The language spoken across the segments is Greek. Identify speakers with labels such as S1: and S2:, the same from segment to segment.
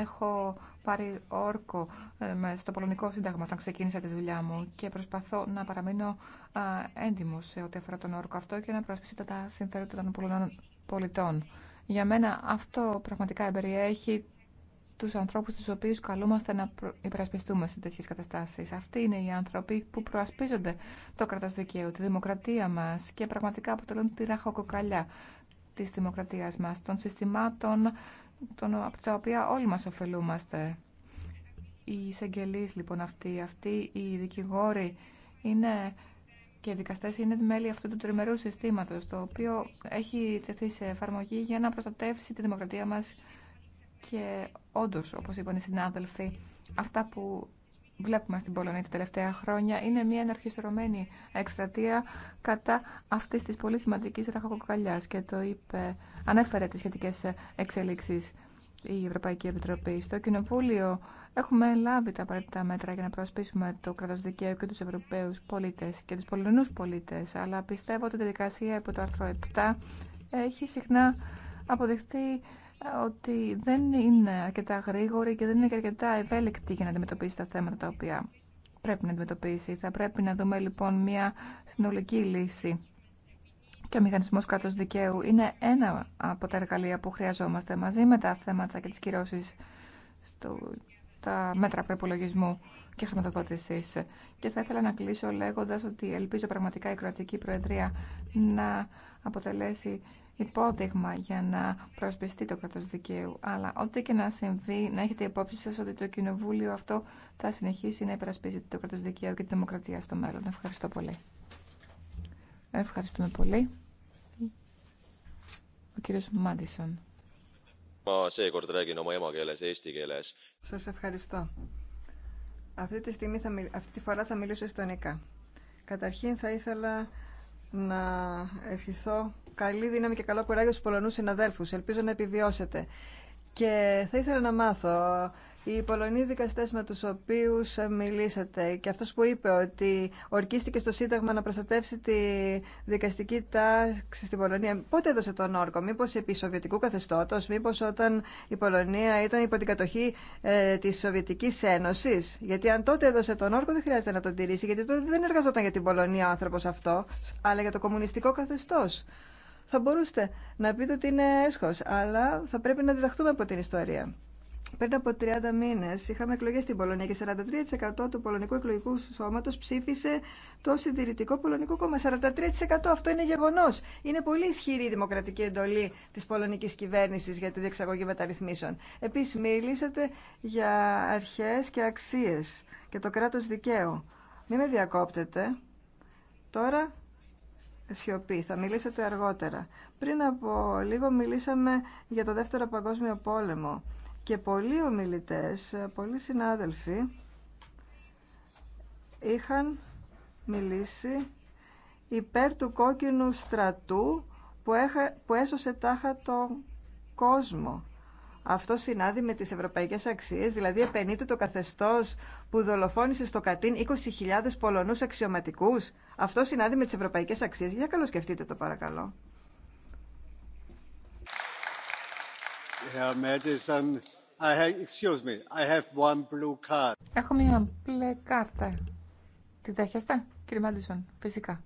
S1: έχω πάρει όρκο ε, στο Πολωνικό Σύνταγμα όταν ξεκίνησα τη δουλειά μου και προσπαθώ να παραμείνω έντιμος σε ό,τι αφορά τον όρκο αυτό και να προσπίσω τα συμφέροντα των Πολωνών πολιτών. Για μένα αυτό πραγματικά εμπεριέχει τους ανθρώπους τους οποίους καλούμαστε να υπερασπιστούμε σε τέτοιες καταστάσεις. Αυτοί είναι οι άνθρωποι που προασπίζονται το κράτος δικαίου, τη δημοκρατία μας και πραγματικά αποτελούν τη ραχοκοκαλιά της δημοκρατίας μας, των συστημάτων από τα οποία όλοι μας ωφελούμαστε. Οι εισαγγελείς λοιπόν αυτοί, αυτοί οι δικηγόροι είναι και οι δικαστές είναι μέλη αυτού του τριμερού συστήματος, το οποίο έχει τεθεί σε εφαρμογή για να προστατεύσει τη δημοκρατία μας και όντως, όπως είπαν οι συνάδελφοι, αυτά που βλέπουμε στην Πολωνία τα τελευταία χρόνια είναι μια εναρχιστρωμένη εκστρατεία κατά αυτής της πολύ σημαντικής ραχοκοκαλιάς και το είπε, ανέφερε τις σχετικές εξελίξεις η Ευρωπαϊκή Επιτροπή. Στο Κοινοβούλιο έχουμε λάβει τα απαραίτητα μέτρα για να προσπίσουμε το κράτος δικαίου και τους Ευρωπαίους πολίτες και τους Πολωνούς πολίτες. Αλλά πιστεύω ότι η διαδικασία από το άρθρο 7 έχει συχνά αποδειχθεί ότι δεν είναι αρκετά γρήγορη και δεν είναι αρκετά ευέλικτη για να αντιμετωπίσει τα θέματα τα οποία πρέπει να αντιμετωπίσει. Θα πρέπει να δούμε λοιπόν μια συνολική λύση. Και ο μηχανισμός κράτους δικαίου είναι ένα από τα εργαλεία που χρειαζόμαστε μαζί με τα θέματα και τις κυρώσεις στο, τα μέτρα προπολογισμού και χρηματοδότηση. Και θα ήθελα να κλείσω λέγοντας ότι ελπίζω πραγματικά η κρατική Προεδρία να αποτελέσει υπόδειγμα για να προσπιστεί το κράτος δικαίου. Αλλά ό,τι και να συμβεί, να έχετε υπόψη σας ότι το κοινοβούλιο αυτό θα συνεχίσει να υπερασπίζεται το κράτος δικαίου και τη δημοκρατία στο μέλλον. Ευχαριστώ πολύ. Ευχαριστούμε πολύ. Ο κύριος Μάντισον.
S2: Σας ευχαριστώ. Αυτή τη, στιγμή θα Αυτή τη φορά θα μιλήσω εστονικά. Καταρχήν θα ήθελα να ευχηθώ καλή δύναμη και καλό κουράγιο στους Πολωνούς συναδέλφους. Ελπίζω να επιβιώσετε. Και θα ήθελα να μάθω, οι Πολωνοί δικαστές με τους οποίους μιλήσατε και αυτός που είπε ότι ορκίστηκε στο Σύνταγμα να προστατεύσει τη δικαστική τάξη στην Πολωνία, πότε έδωσε τον όρκο, μήπως επί Σοβιετικού καθεστώτος, μήπως όταν η Πολωνία ήταν υπό την κατοχή ε, της Σοβιετικής Ένωσης. Γιατί αν τότε έδωσε τον όρκο δεν χρειάζεται να τον τηρήσει, γιατί τότε δεν εργαζόταν για την Πολωνία ο άνθρωπος αυτό, αλλά για το κομμουνιστικό καθεστώς θα μπορούσατε να πείτε ότι είναι έσχος, αλλά θα πρέπει να διδαχτούμε από την ιστορία. Πριν από 30 μήνε είχαμε εκλογέ στην Πολωνία και 43% του πολωνικού εκλογικού σώματο ψήφισε το συντηρητικό πολωνικό κόμμα. 43% αυτό είναι γεγονό. Είναι πολύ ισχυρή η δημοκρατική εντολή τη πολωνική κυβέρνηση για τη διεξαγωγή μεταρρυθμίσεων. Επίση, μιλήσατε για αρχέ και αξίε και το κράτο δικαίου. Μην με διακόπτετε. Τώρα σιωπή. Θα μιλήσετε αργότερα. Πριν από λίγο μιλήσαμε για το Δεύτερο Παγκόσμιο Πόλεμο και πολλοί ομιλητές, πολλοί συνάδελφοι είχαν μιλήσει υπέρ του κόκκινου στρατού που, που έσωσε τάχα τον κόσμο αυτό συνάδει με τις ευρωπαϊκές αξίες, δηλαδή επενείται το καθεστώς που δολοφόνησε στο Κατίν 20.000 Πολωνούς αξιωματικούς. Αυτό συνάδει με τις ευρωπαϊκές αξίες. Για σκεφτείτε το παρακαλώ.
S1: Έχω μία μπλε κάρτα. Την δέχεστε, κύριε Μάντισον, φυσικά.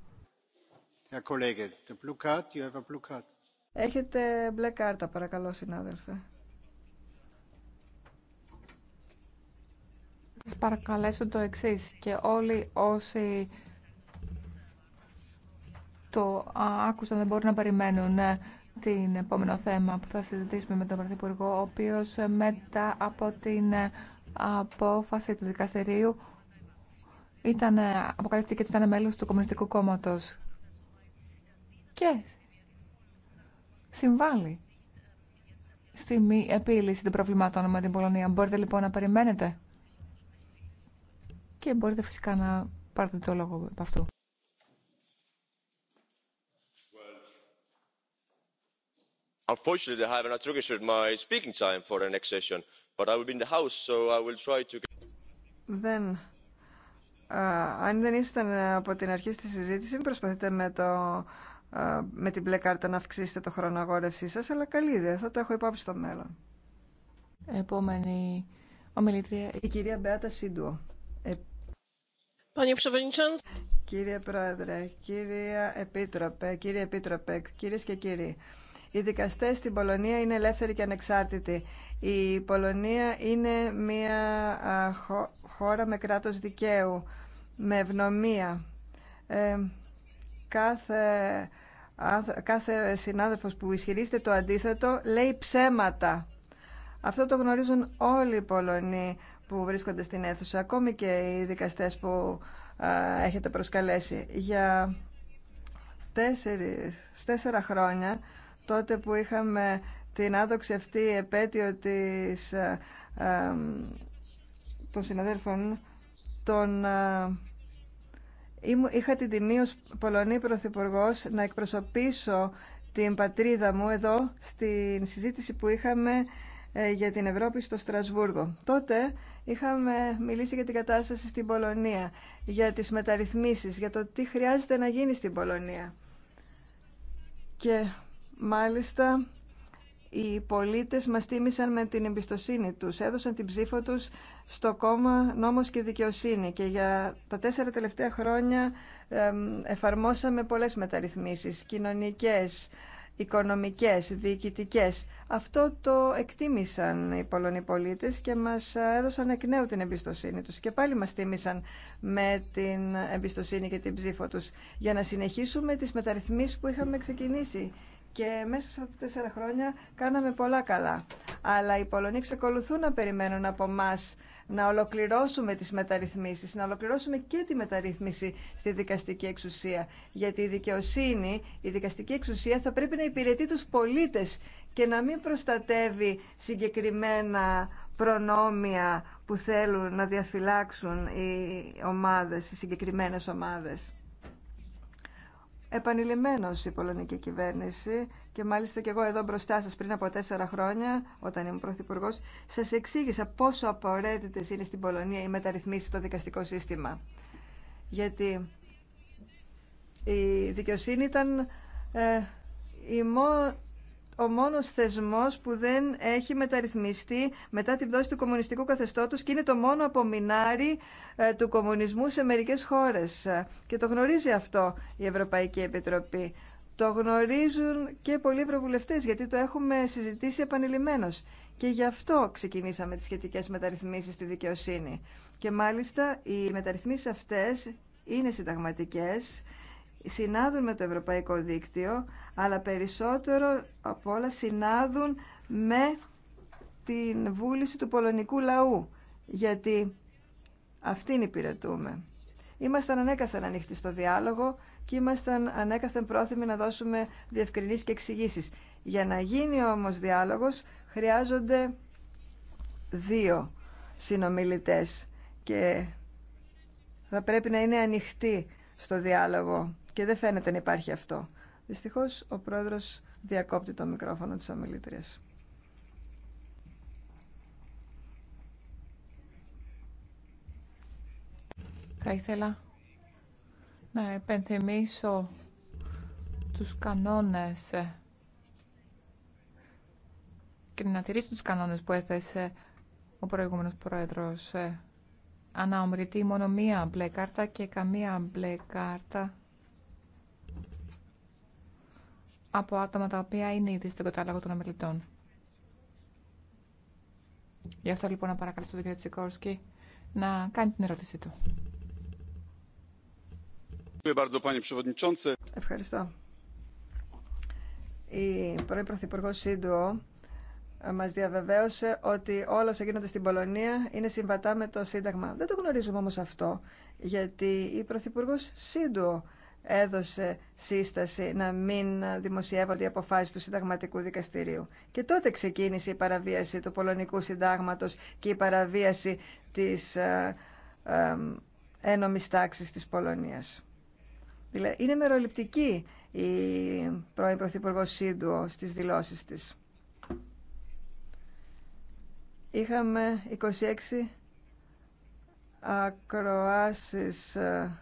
S2: Έχετε μπλε κάρτα, παρακαλώ, συνάδελφε.
S1: σας παρακαλέσω το εξής και όλοι όσοι το άκουσαν δεν μπορούν να περιμένουν ε, την επόμενο θέμα που θα συζητήσουμε με τον Πρωθυπουργό, ο οποίος ε, μετά από την ε, απόφαση του δικαστηρίου ήταν, αποκαλύφθηκε ότι ήταν μέλος του Κομμουνιστικού Κόμματος και συμβάλλει στη μη επίλυση των προβλημάτων με την Πολωνία. Μπορείτε λοιπόν να περιμένετε και μπορείτε φυσικά να πάρετε το λόγο από αυτού.
S2: αν δεν ήσταν ε, από την αρχή στη συζήτηση, μην προσπαθείτε με, το, με την μπλε κάρτα να αυξήσετε το χρόνο αγόρευσή σας, αλλά καλή ιδέα, θα το έχω υπόψη στο μέλλον.
S1: Επόμενη ομιλητρία. Η κυρία Μπέατα Σίντουο, ε,
S2: Κύριε Πρόεδρε, κύριε Επίτροπε, κύριε Επίτροπε, κυρίες και κύριοι. Οι δικαστές στην Πολωνία είναι ελεύθεροι και ανεξάρτητοι. Η Πολωνία είναι μια χώρα με κράτος δικαίου, με ευνομία. Ε, κάθε, κάθε συνάδελφος που ισχυρίζεται το αντίθετο λέει ψέματα. Αυτό το γνωρίζουν όλοι οι Πολωνοί που βρίσκονται στην αίθουσα, ακόμη και οι δικαστές που έχετε προσκαλέσει. Για τέσσερις, τέσσερα χρόνια, τότε που είχαμε την άδοξη αυτή επέτειο της, των συναδέλφων, τον, είχα την τιμή ως Πολωνή να εκπροσωπήσω την πατρίδα μου εδώ στην συζήτηση που είχαμε ε, για την Ευρώπη στο Στρασβούργο. Τότε Είχαμε μιλήσει για την κατάσταση στην Πολωνία, για τις μεταρρυθμίσεις, για το τι χρειάζεται να γίνει στην Πολωνία. Και μάλιστα οι πολίτες μας τίμησαν με την εμπιστοσύνη τους, έδωσαν την ψήφο τους στο κόμμα νόμος και δικαιοσύνη και για τα τέσσερα τελευταία χρόνια εφαρμόσαμε πολλές μεταρρυθμίσεις, κοινωνικές, οικονομικές, διοικητικές. Αυτό το εκτίμησαν οι Πολωνοί πολίτες και μας έδωσαν εκ νέου την εμπιστοσύνη τους και πάλι μας τίμησαν με την εμπιστοσύνη και την ψήφο τους για να συνεχίσουμε τις μεταρρυθμίσεις που είχαμε ξεκινήσει και μέσα σε αυτά τα τέσσερα χρόνια κάναμε πολλά καλά. Αλλά οι Πολωνοί εξακολουθούν να περιμένουν από εμά να ολοκληρώσουμε τις μεταρρυθμίσεις, να ολοκληρώσουμε και τη μεταρρύθμιση στη δικαστική εξουσία. Γιατί η δικαιοσύνη, η δικαστική εξουσία θα πρέπει να υπηρετεί τους πολίτες και να μην προστατεύει συγκεκριμένα προνόμια που θέλουν να διαφυλάξουν οι ομάδες, οι συγκεκριμένες ομάδες. Επανειλημμένος η πολωνική κυβέρνηση και μάλιστα και εγώ εδώ μπροστά σας πριν από τέσσερα χρόνια, όταν ήμουν πρωθυπουργό, σας εξήγησα πόσο απαραίτητε είναι στην Πολωνία οι μεταρρυθμίσεις στο δικαστικό σύστημα. Γιατί η δικαιοσύνη ήταν ε, η ο μόνος θεσμός που δεν έχει μεταρρυθμιστεί μετά την πτώση του κομμουνιστικού καθεστώτος και είναι το μόνο απομεινάρι ε, του κομμουνισμού σε μερικές χώρες. Και το γνωρίζει αυτό η Ευρωπαϊκή Επιτροπή. Το γνωρίζουν και πολλοί ευρωβουλευτέ, γιατί το έχουμε συζητήσει επανειλημμένω. Και γι' αυτό ξεκινήσαμε τι σχετικέ μεταρρυθμίσει στη δικαιοσύνη. Και μάλιστα οι μεταρρυθμίσει αυτέ είναι συνταγματικέ, συνάδουν με το Ευρωπαϊκό Δίκτυο, αλλά περισσότερο από όλα συνάδουν με την βούληση του πολωνικού λαού, γιατί αυτήν υπηρετούμε. Ήμασταν ανέκαθεν ανοιχτοί στο διάλογο και ήμασταν ανέκαθεν πρόθυμοι να δώσουμε διευκρινίσεις και εξηγήσεις. Για να γίνει όμως διάλογος χρειάζονται δύο συνομιλητές και θα πρέπει να είναι ανοιχτή στο διάλογο και δεν φαίνεται να υπάρχει αυτό. Δυστυχώς ο πρόεδρος διακόπτει το μικρόφωνο της ομιλήτριας.
S1: Θα ήθελα να επενθυμίσω τους κανόνες και να τηρήσω τους κανόνες που έθεσε ο προηγούμενος πρόεδρος. Αναομιλητή μόνο μία μπλε κάρτα και καμία μπλε κάρτα από άτομα τα οποία είναι ήδη στον κατάλογο των ομιλητών. Γι' αυτό λοιπόν να παρακαλέσω τον κ. Τσικόρσκι να κάνει την ερώτησή του. Ευχαριστώ.
S2: Η πρώην Πρωθυπουργό Σίντουο ε, μα διαβεβαίωσε ότι όλα όσα γίνονται στην Πολωνία είναι συμβατά με το Σύνταγμα. Δεν το γνωρίζουμε όμω αυτό, γιατί η Πρωθυπουργό Σίντουο έδωσε σύσταση να μην δημοσιεύονται οι αποφάσει του Συνταγματικού Δικαστηρίου. Και τότε ξεκίνησε η παραβίαση του Πολωνικού Συντάγματο και η παραβίαση τη ε, ε, ένομη τάξη τη Πολωνία. Δηλαδή, είναι μεροληπτική η πρώην Πρωθυπουργός Σίντουο στις δηλώσεις της. Είχαμε 26 ακροάσεις ε,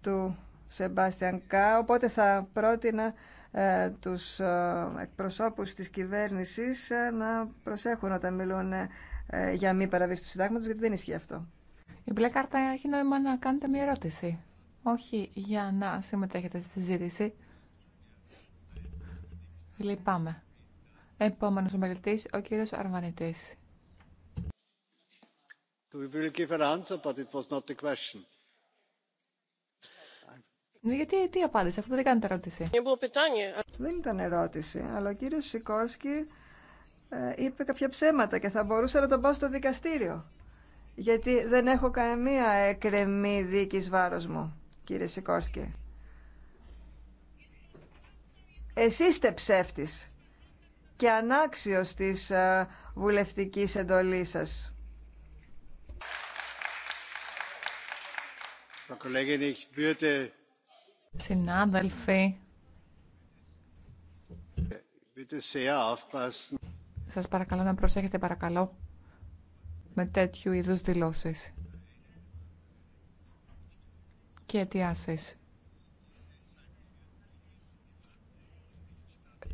S2: του Σεμπάστιαν Κά, οπότε θα πρότεινα ε, τους ε, εκπροσώπους της κυβέρνησης να προσέχουν όταν μιλούν
S1: για μη παραβίαση του συντάγματος, γιατί δεν ισχύει αυτό. Η μπλε κάρτα έχει νόημα να κάνετε μια ερώτηση όχι για να συμμετέχετε στη συζήτηση. Λυπάμαι. Επόμενο ομιλητή, ο κύριο Αρβανιτή. Ναι, γιατί τι απάντησε, αυτό δεν κάνετε ερώτηση.
S2: Δεν ήταν ερώτηση, αλλά ο κύριο Σικόρσκι ε, είπε κάποια ψέματα και θα μπορούσα να τον πάω στο δικαστήριο. Γιατί δεν έχω καμία εκρεμή δίκης βάρος μου κύριε Σικώσκη. Εσείς είστε ψεύτης και ανάξιος της ε, βουλευτικής
S1: εντολής σας. Συνάδελφοι, σας παρακαλώ να προσέχετε παρακαλώ με τέτοιου είδους δηλώσεις και αιτιάσεις.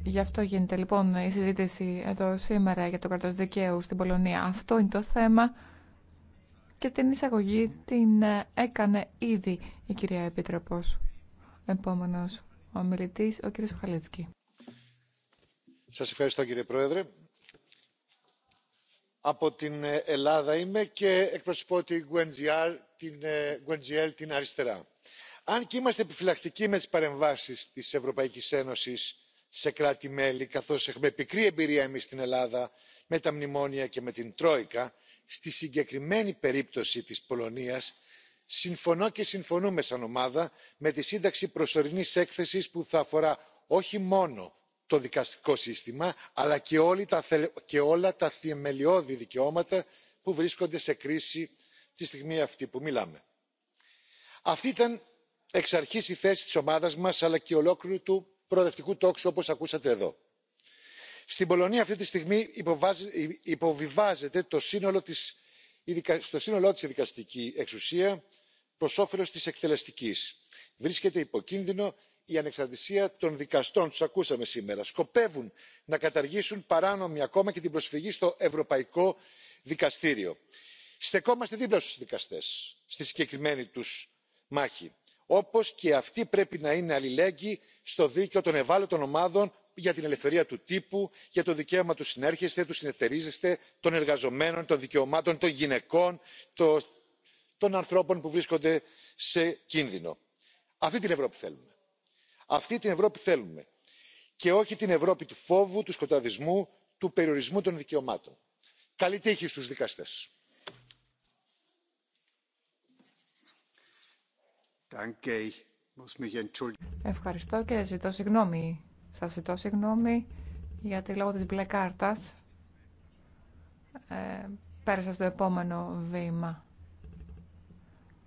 S1: Γι' αυτό γίνεται λοιπόν η συζήτηση εδώ σήμερα για το κρατός δικαίου στην Πολωνία. Αυτό είναι το θέμα και την εισαγωγή την ε, έκανε ήδη η κυρία Επίτροπος. Επόμενος ο μιλητής, ο κύριος Χαλίτσκι.
S3: Σας ευχαριστώ κύριε Πρόεδρε. Από την ε, Ελλάδα είμαι και εκπροσωπώ την Γκουεντζιαρ την ε, γκουεντζιέλ την αριστερά. αν και είμαστε επιφυλακτικοί με τι παρεμβάσει της Ευρωπαϊκή ένωσης σε κράτη μέλη καθώ έχουμε πικρή εμπειρία εμεί στην ελλάδα με τα μνημόνια και με την τρόικα στη συγκεκριμένη περίπτωση της Πολωνία, συμφωνώ και συμφωνούμε σαν ομάδα με τη σύνταξη προσωρινή έκθεση που θα αφορά όχι μόνο το δικαστικό σύστημα αλλά και, και όλα τα θεμελιώδη δικαιώματα που βρίσκονται σε κρίση τη στιγμή αυτή που μιλάμε. αυτή ήταν εξ αρχής η θέση της ομάδας μας αλλά και ολόκληρου του προοδευτικού τόξου όπως ακούσατε εδώ. στην πολωνία αυτή τη στιγμή υποβιβάζεται το σύνολό της, η δικαστική εξουσία προς όφελος της εκτελεστικής. βρίσκεται υποκίνδυνο η ανεξαρτησία των δικαστών τους ακούσαμε σήμερα. σκοπεύουν να καταργήσουν παράνομη ακόμα και την προσφυγή στο ευρωπαϊκό δικαστήριο στεκόμαστε δίπλα στους δικαστές στη συγκεκριμένη τους μάχη όπως και αυτοί πρέπει να είναι αλληλέγγυοι στο δίκαιο των ευάλωτων ομάδων για την ελευθερία του τύπου για το δικαίωμα του συνέρχεστε του συνεταιρίζεστε των εργαζομένων των δικαιωμάτων των γυναικών των ανθρώπων που βρίσκονται σε κίνδυνο. αυτή την ευρώπη θέλουμε. αυτή την ευρώπη θέλουμε και όχι την ευρώπη του φόβου του σκοταδισμού του περιορισμού των δικαιωμάτων. καλή τύχη στους δικαστές.
S1: Ευχαριστώ και ζητώ συγγνώμη. Σα ζητώ συγγνώμη γιατί λόγω της μπλε κάρτας ε, πέρασα στο επόμενο βήμα.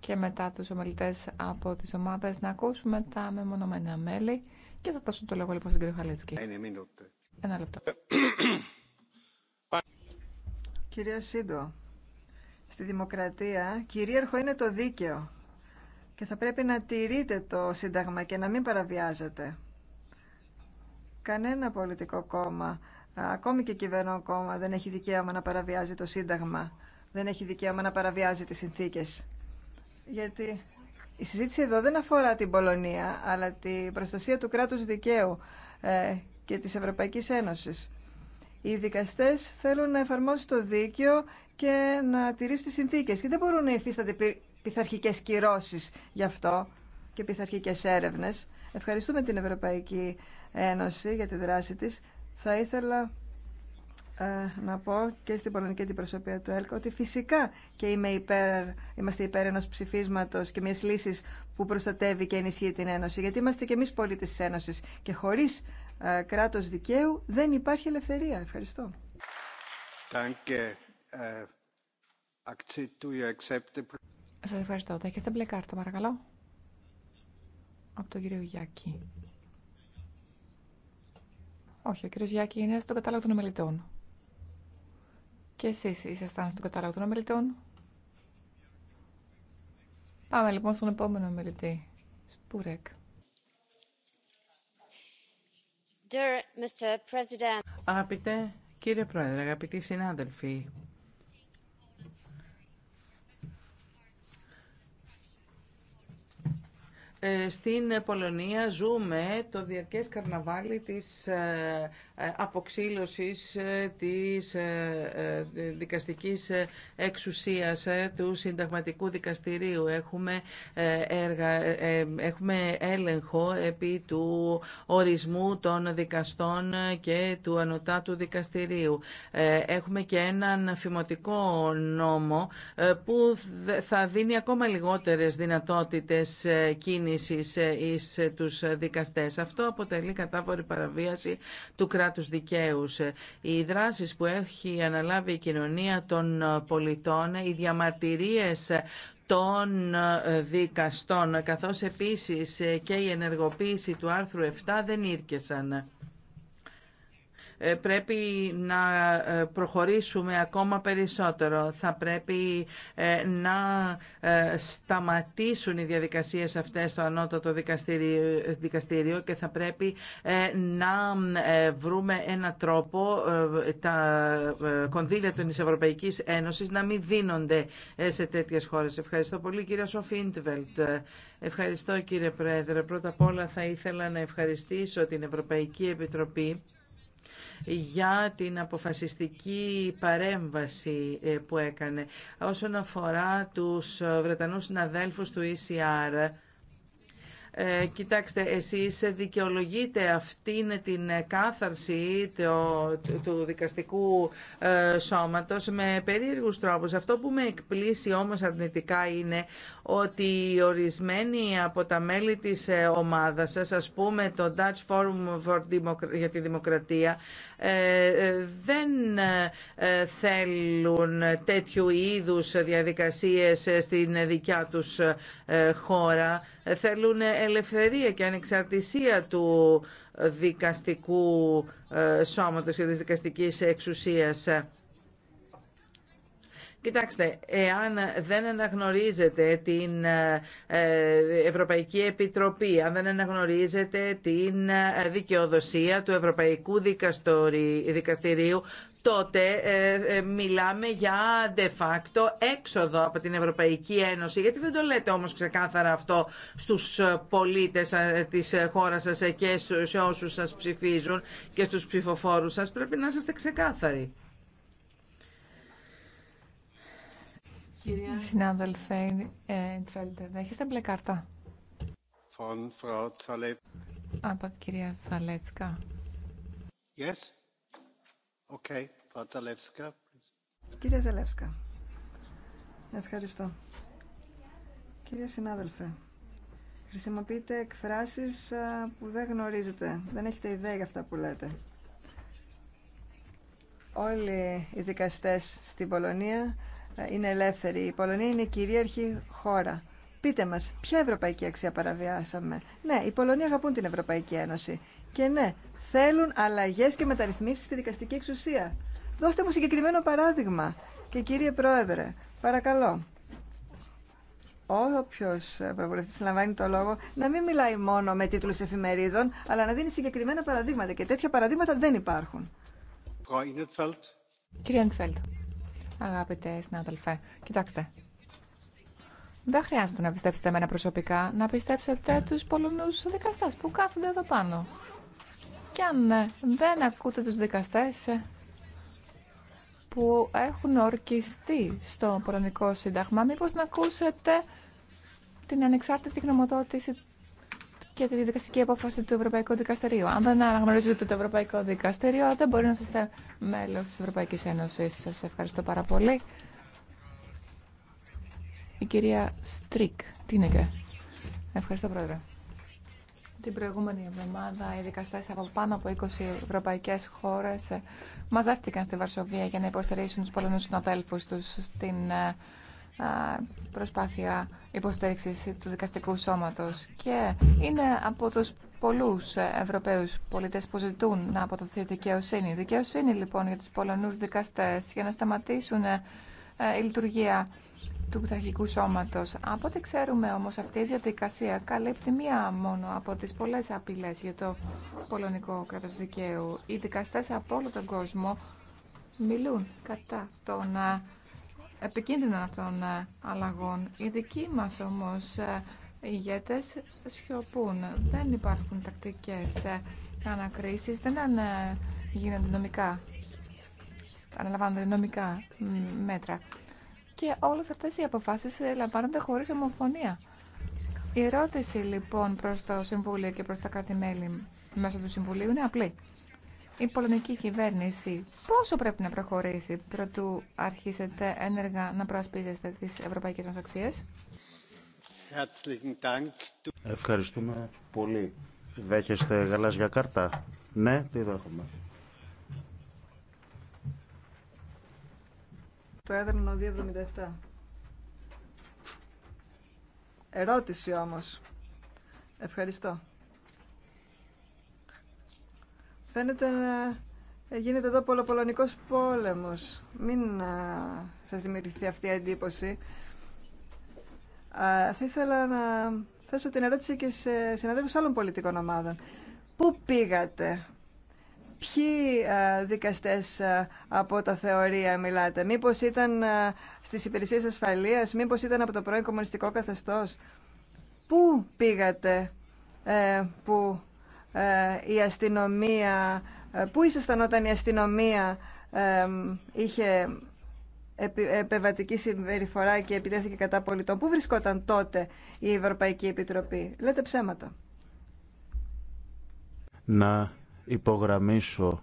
S1: Και μετά τους ομιλητές από τις ομάδες να ακούσουμε τα μεμονωμένα μέλη και θα δώσω το λόγο λοιπόν στην κυρία Χαλέτσκη. Ένα λεπτό.
S2: Κυρία Σίντο, στη δημοκρατία κυρίαρχο είναι το δίκαιο και θα πρέπει να τηρείτε το Σύνταγμα και να μην παραβιάζετε. Κανένα πολιτικό κόμμα, ακόμη και κυβερνό κόμμα, δεν έχει δικαίωμα να παραβιάζει το Σύνταγμα, δεν έχει δικαίωμα να παραβιάζει τις συνθήκες. Γιατί η συζήτηση εδώ δεν αφορά την Πολωνία, αλλά την προστασία του κράτους δικαίου ε, και της Ευρωπαϊκής Ένωσης. Οι δικαστές θέλουν να εφαρμόσουν το δίκαιο και να τηρήσουν τις συνθήκες και δεν μπορούν να υφίστανται πειθαρχικέ κυρώσει γι' αυτό και πειθαρχικέ έρευνε. Ευχαριστούμε την Ευρωπαϊκή Ένωση για τη δράση της. Θα ήθελα ε, να πω και στην πολωνική αντιπροσωπεία του ΕΛΚ ότι φυσικά και είμαι είμαστε υπέρ ενός ψηφίσματος και μιας λύσης που προστατεύει και ενισχύει την Ένωση. Γιατί είμαστε και εμείς πολίτες της Ένωσης και χωρίς ε, κράτος δικαίου δεν υπάρχει ελευθερία. Ευχαριστώ.
S3: Danke. Uh,
S1: σας ευχαριστώ. έχετε μπλε κάρτα, παρακαλώ. Από τον κύριο Γιάκη. Όχι, ο κύριος Γιάκη είναι στον κατάλογο των ομιλητών. Και εσείς ήσασταν στον κατάλογο των ομιλητών. Πάμε λοιπόν στον επόμενο ομιλητή. Σπουρέκ. Αγαπητέ κύριε Πρόεδρε, αγαπητοί συνάδελφοι,
S4: Ε, στην Πολωνία ζούμε το διαρκές καρναβάλι της ε, ε, αποξήλωσης ε, της ε, δικαστικής εξουσίας του συνταγματικού δικαστηρίου. Έχουμε, έργα, έχουμε έλεγχο επί του ορισμού των δικαστών και του ανωτάτου δικαστηρίου. Έχουμε και έναν φημοτικό νόμο που θα δίνει ακόμα λιγότερες δυνατότητες κίνησης εις τους δικαστές. Αυτό αποτελεί κατάφορη παραβίαση του κράτους κράτους δικαίους. Οι δράσεις που έχει αναλάβει η κοινωνία των πολιτών, οι διαμαρτυρίες των δικαστών, καθώς επίσης και η ενεργοποίηση του άρθρου 7 δεν ήρκεσαν. Ε, πρέπει να ε, προχωρήσουμε ακόμα περισσότερο. Θα πρέπει ε, να σταματήσουν οι διαδικασίες αυτές στο ανώτατο δικαστήριο και θα πρέπει να βρούμε ένα τρόπο τα κονδύλια της Ευρωπαϊκής Ένωσης να μην δίνονται σε τέτοιες χώρες. Ευχαριστώ πολύ κύριε Σοφίντβελτ. Ευχαριστώ κύριε Πρόεδρε. Πρώτα απ' όλα θα ήθελα να ευχαριστήσω την Ευρωπαϊκή Επιτροπή για την αποφασιστική παρέμβαση ε, που έκανε. Όσον αφορά τους ε, Βρετανούς συναδέλφους του ECR, ε, κοιτάξτε, εσείς δικαιολογείτε αυτήν την κάθαρση το, του, δικαστικού ε, σώματος με περίεργους τρόπους. Αυτό που με εκπλήσει όμως αρνητικά είναι ότι ορισμένοι από τα μέλη της ε, ομάδας σας, ας πούμε το Dutch Forum για τη Δημοκρατία, ε, δεν θέλουν τέτοιου είδους διαδικασίες στην δικιά τους χώρα. Θέλουν ελευθερία και ανεξαρτησία του δικαστικού ε, σώματος και της δικαστικής εξουσίας. Κοιτάξτε, εάν δεν αναγνωρίζετε την ε, Ευρωπαϊκή Επιτροπή, αν δεν αναγνωρίζετε την ε, δικαιοδοσία του Ευρωπαϊκού Δικαστηρίου, τότε ε, ε, μιλάμε για de facto έξοδο από την Ευρωπαϊκή Ένωση. Γιατί δεν το λέτε όμως ξεκάθαρα αυτό στους πολίτες ε, της χώρας σας και σε όσους σας ψηφίζουν και στους ψηφοφόρους σας. Πρέπει να είστε ξεκάθαροι.
S1: Συνάδελφε, θέλετε, δέχεστε μπλε κάρτα. Από την κυρία Σαλέτσκα.
S3: Yes.
S2: Κύριε Ζελεύσκα, ευχαριστώ. Κύριε συνάδελφε, χρησιμοποιείτε εκφράσεις που δεν γνωρίζετε, δεν έχετε ιδέα για αυτά που λέτε. Όλοι οι δικαστές στην Πολωνία είναι ελεύθεροι. Η Πολωνία είναι κυρίαρχη χώρα. Πείτε μας, ποια ευρωπαϊκή αξία παραβιάσαμε. Ναι, οι Πολωνοί αγαπούν την Ευρωπαϊκή Ένωση. Και ναι, θέλουν αλλαγέ και μεταρρυθμίσει στη δικαστική εξουσία. Δώστε μου συγκεκριμένο παράδειγμα. Και κύριε Πρόεδρε, παρακαλώ, όποιο προβουλευτή λαμβάνει το λόγο, να μην μιλάει μόνο με τίτλου εφημερίδων, αλλά να δίνει συγκεκριμένα παραδείγματα.
S1: Και τέτοια παραδείγματα δεν υπάρχουν. Κύριε Εντφέλτ, αγαπητέ συνάδελφε, κοιτάξτε. Δεν χρειάζεται να πιστέψετε εμένα προσωπικά, να πιστέψετε ε. του πολλού δικαστέ που κάθονται εδώ πάνω. Και αν ε, δεν ακούτε τους δικαστές ε, που έχουν ορκιστεί στο Πολωνικό Σύνταγμα, μήπως να ακούσετε την ανεξάρτητη γνωμοδότηση και τη δικαστική απόφαση του Ευρωπαϊκού Δικαστηρίου. Αν δεν αναγνωρίζετε το Ευρωπαϊκό Δικαστήριο, δεν μπορεί να είστε μέλος της Ευρωπαϊκής Ένωσης. Σας ευχαριστώ πάρα πολύ. Η κυρία Στρίκ, τι είναι και. Ευχαριστώ, Πρόεδρε. Την προηγούμενη εβδομάδα οι δικαστές από πάνω από 20 ευρωπαϊκές χώρες ε, μαζεύτηκαν στη Βαρσοβία για να υποστηρίξουν τους Πολωνούς συναδέλφου τους στην ε, ε, προσπάθεια υποστήριξης του δικαστικού σώματος και είναι από τους πολλούς Ευρωπαίους πολίτες που ζητούν να αποταθεί δικαιοσύνη. Δικαιοσύνη λοιπόν για τους Πολωνούς δικαστές για να σταματήσουν η λειτουργία του πειθαρχικού σώματος. Από ό,τι ξέρουμε όμως αυτή η διαδικασία καλύπτει μία μόνο από τις πολλές απειλές για το πολωνικό κράτος δικαίου. Οι δικαστές από όλο τον κόσμο μιλούν κατά των ε, επικίνδυνων αυτών ε, αλλαγών. Οι δικοί μας όμως ε, ηγέτες σιωπούν. Δεν υπάρχουν τακτικές ανακρίσεις, δεν γίνονται νομικά. Αναλαμβάνονται νομικά μέτρα και όλες αυτές οι αποφάσεις ε, λαμβάνονται χωρίς ομοφωνία. Η ερώτηση λοιπόν προς το Συμβούλιο και προς τα κράτη-μέλη μέσω του Συμβουλίου είναι απλή. Η πολωνική κυβέρνηση πόσο πρέπει να προχωρήσει προτού αρχίσετε ένεργα να προασπίζεστε τις ευρωπαϊκές μας αξίες.
S5: Ευχαριστούμε πολύ. Δέχεστε γαλάζια κάρτα. Ναι, τη δέχομαι.
S2: Το έδρανο 277. Ερώτηση όμως. Ευχαριστώ. Φαίνεται να γίνεται εδώ πολλοπολωνικός πόλεμος. Μην σας δημιουργηθεί αυτή η εντύπωση. Θα ήθελα να θέσω την ερώτηση και σε συναδέλφους άλλων πολιτικών ομάδων. Πού πήγατε ποιοι ε, δικαστές ε, από τα θεωρία μιλάτε. Μήπως ήταν ε, στις υπηρεσίες ασφαλείας, μήπως ήταν από το πρώην κομμουνιστικό καθεστώς. Πού πήγατε που η αστυνομία, πού ήσασταν όταν η αστυνομία είχε επεβατική συμπεριφορά και επιτέθηκε κατά πολιτών. Πού βρισκόταν τότε η Ευρωπαϊκή Επιτροπή. Λέτε ψέματα.
S5: Να υπογραμμίσω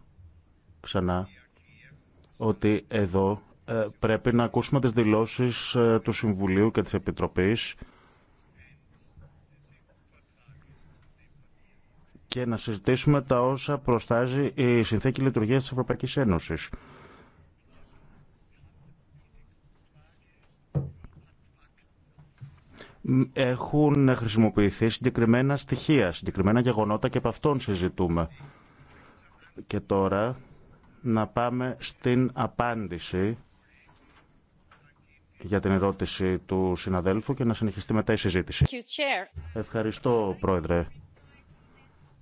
S5: ξανά ότι εδώ ε, πρέπει να ακούσουμε τις δηλώσεις ε, του Συμβουλίου και της Επιτροπής και να συζητήσουμε τα όσα προστάζει η Συνθήκη Λειτουργίας της Ευρωπαϊκής Ένωσης. Έχουν χρησιμοποιηθεί συγκεκριμένα στοιχεία, συγκεκριμένα γεγονότα και από αυτόν συζητούμε. Και τώρα να πάμε στην απάντηση για την ερώτηση του συναδέλφου και να συνεχιστεί μετά η συζήτηση. Ευχαριστώ, Πρόεδρε.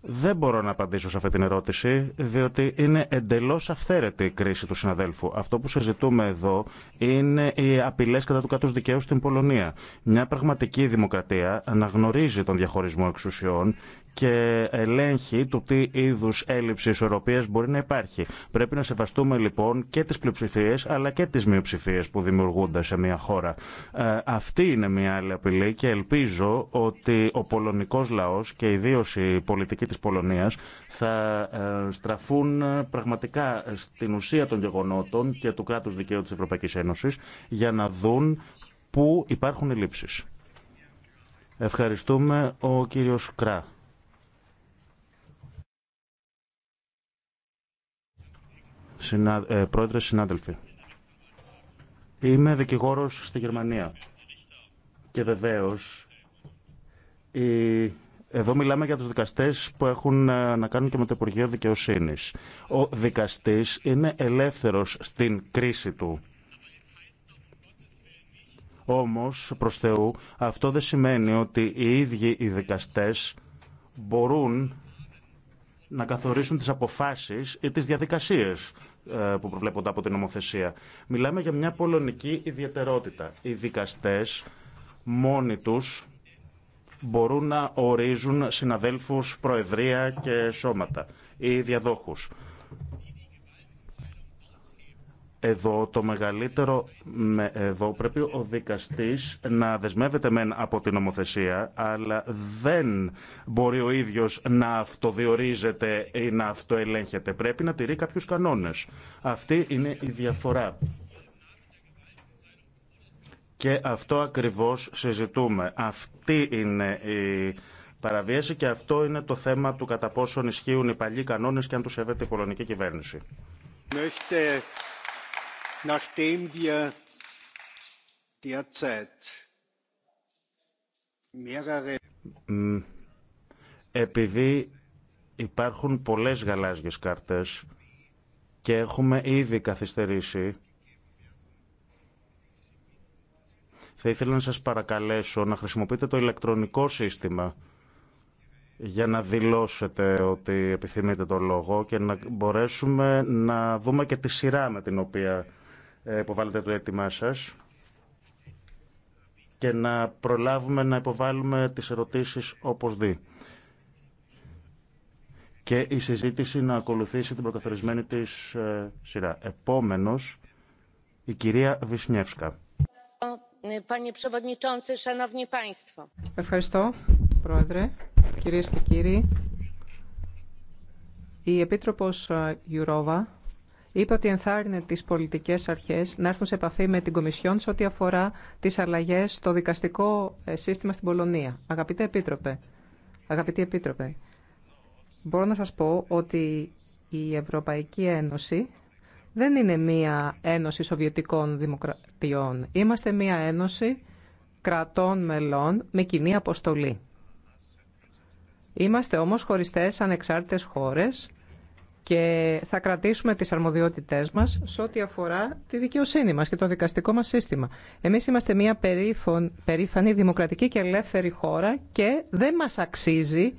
S5: Δεν μπορώ να απαντήσω σε αυτή την ερώτηση, διότι είναι εντελώς αυθαίρετη η κρίση του συναδέλφου. Αυτό που συζητούμε εδώ είναι οι απειλές κατά του κάτους δικαίου στην Πολωνία. Μια πραγματική δημοκρατία αναγνωρίζει τον διαχωρισμό εξουσιών και ελέγχει του τι είδου έλλειψη ισορροπία μπορεί να υπάρχει. Πρέπει να σεβαστούμε λοιπόν και τι πλειοψηφίε αλλά και τι μειοψηφίε που δημιουργούνται σε μια χώρα. Ε, αυτή είναι μια άλλη απειλή και ελπίζω ότι ο πολωνικό λαό και ιδίω η πολιτική τη Πολωνία θα ε, στραφούν ε, πραγματικά στην ουσία των γεγονότων και του κράτου δικαίου τη Ευρωπαϊκή Ένωση για να δουν πού υπάρχουν λήψεις. Ευχαριστούμε ο κύριος Κρά. Συνα... Ε, πρόεδρε, συνάδελφοι. Είμαι δικηγόρος στη Γερμανία. Και βεβαίως, εδώ μιλάμε για τους δικαστές που έχουν ε, να κάνουν και με το Υπουργείο Δικαιοσύνης. Ο δικαστής είναι ελεύθερος στην κρίση του. Όμως, προς Θεού, αυτό δεν σημαίνει ότι οι ίδιοι οι δικαστές μπορούν να καθορίσουν τις αποφάσεις ή τις διαδικασίες ε, που προβλέπονται από την νομοθεσία. Μιλάμε για μια πολωνική ιδιαιτερότητα. Οι δικαστές μόνοι τους μπορούν να ορίζουν συναδέλφους, προεδρία και σώματα ή διαδόχους. Εδώ το μεγαλύτερο, εδώ πρέπει ο δικαστής να δεσμεύεται μεν από την νομοθεσία, αλλά δεν μπορεί ο ίδιος να αυτοδιορίζεται ή να αυτοελέγχεται. Πρέπει να τηρεί κάποιους κανόνες. Αυτή είναι η διαφορά. Και αυτό ακριβώς συζητούμε. Αυτή είναι η παραβίαση και αυτό είναι το θέμα του κατά πόσον ισχύουν οι παλιοί κανόνες και αν τους σέβεται η πολωνική κυβέρνηση
S3: nachdem wir derzeit mehrere
S5: επειδή υπάρχουν πολλές γαλάζιες κάρτες και έχουμε ήδη καθυστερήσει θα ήθελα να σας παρακαλέσω να χρησιμοποιείτε το ηλεκτρονικό σύστημα για να δηλώσετε ότι επιθυμείτε το λόγο και να μπορέσουμε να δούμε και τη σειρά με την οποία ε, υποβάλλετε το αίτημά σας και να προλάβουμε να υποβάλουμε τις ερωτήσεις όπως δει. Και η συζήτηση να ακολουθήσει την προκαθορισμένη της ε, σειρά. Επόμενος, η κυρία Βυσνιεύσκα. Ε, Ευχαριστώ,
S6: Πρόεδρε, κυρίες και κύριοι. Η Επίτροπος Γιουρόβα είπε ότι ενθάρρυνε τις πολιτικές αρχές να έρθουν σε επαφή με την Κομισιόν σε ό,τι αφορά τις αλλαγές στο δικαστικό ε, σύστημα στην Πολωνία. Αγαπητέ Επίτροπε, αγαπητή Επίτροπε, μπορώ να σας πω ότι η Ευρωπαϊκή Ένωση δεν είναι μία ένωση σοβιετικών δημοκρατιών. Είμαστε μία ένωση κρατών μελών με κοινή αποστολή. Είμαστε όμως χωριστές ανεξάρτητες χώρες και θα κρατήσουμε τις αρμοδιότητές μας σε ό,τι αφορά τη δικαιοσύνη μας και το δικαστικό μας σύστημα. Εμείς είμαστε μια περήφων, περήφανη, δημοκρατική και ελεύθερη χώρα και δεν μας αξίζει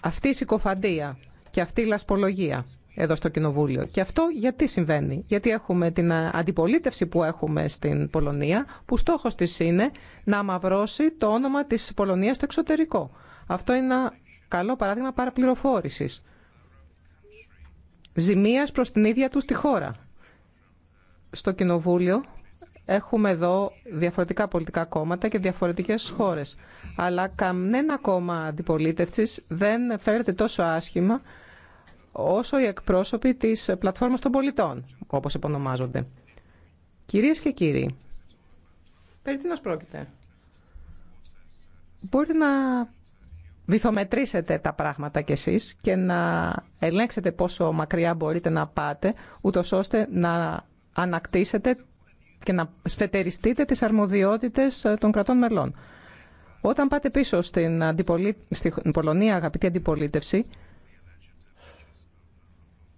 S6: αυτή η συκοφαντία και αυτή η λασπολογία εδώ στο Κοινοβούλιο. Και αυτό γιατί συμβαίνει. Γιατί έχουμε την αντιπολίτευση που έχουμε στην Πολωνία, που στόχος της είναι να αμαυρώσει το όνομα της Πολωνίας στο εξωτερικό. Αυτό είναι ένα καλό παράδειγμα παραπληροφόρησης. Ζημίας προς την ίδια του τη χώρα. Στο Κοινοβούλιο έχουμε εδώ διαφορετικά πολιτικά κόμματα και διαφορετικές χώρες. Αλλά κανένα κόμμα αντιπολίτευση δεν φέρεται τόσο άσχημα όσο οι εκπρόσωποι της πλατφόρμας των πολιτών, όπως επωνομάζονται. Κυρίε και κύριοι, περί τίνο πρόκειται. Μπορείτε να βυθομετρήσετε τα πράγματα κι εσείς και να ελέγξετε πόσο μακριά μπορείτε να πάτε, ούτω ώστε να ανακτήσετε και να σφετεριστείτε τις αρμοδιότητες ε, των κρατών μελών. Όταν πάτε πίσω στην, αντιπολί... στην Πολωνία, αγαπητή αντιπολίτευση,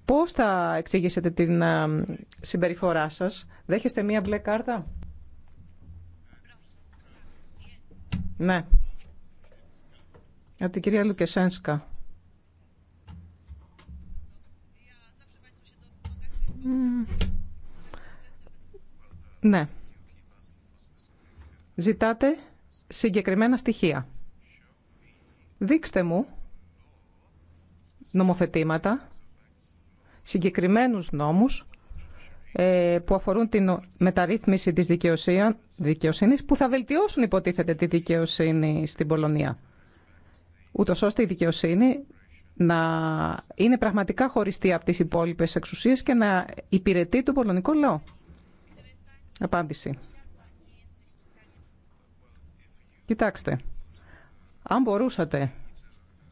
S6: πώς θα εξηγήσετε την ε, συμπεριφορά σας. Δέχεστε μία μπλε κάρτα. Ναι. Από την κυρία Λουκεσένσκα. Ναι. Ζητάτε συγκεκριμένα στοιχεία. Δείξτε μου νομοθετήματα, συγκεκριμένους νόμους ε, που αφορούν την μεταρρύθμιση της δικαιοσύνης που θα βελτιώσουν υποτίθεται τη δικαιοσύνη στην Πολωνία ούτω ώστε η δικαιοσύνη να είναι πραγματικά χωριστή από τις υπόλοιπες εξουσίες και να υπηρετεί τον πολωνικό λαό. Απάντηση. Κοιτάξτε, αν μπορούσατε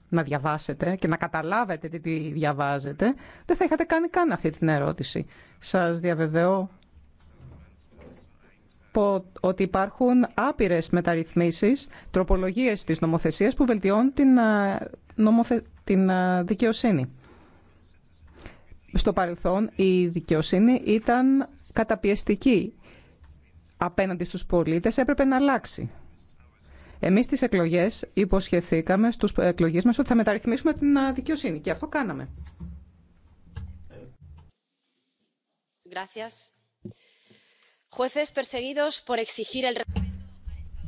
S6: να διαβάσετε και να καταλάβετε τι διαβάζετε, δεν θα είχατε κάνει καν αυτή την ερώτηση. Σας διαβεβαιώ ότι υπάρχουν άπειρες μεταρρυθμίσεις, τροπολογίες της νομοθεσίας που βελτιώνουν την, ε, νομοθε... την ε, δικαιοσύνη. Στο παρελθόν η δικαιοσύνη ήταν καταπιεστική απέναντι στους πολίτες, έπρεπε να αλλάξει. Εμείς στις εκλογές υποσχεθήκαμε στους εκλογείς μας ότι θα μεταρρυθμίσουμε την ε, δικαιοσύνη και αυτό κάναμε.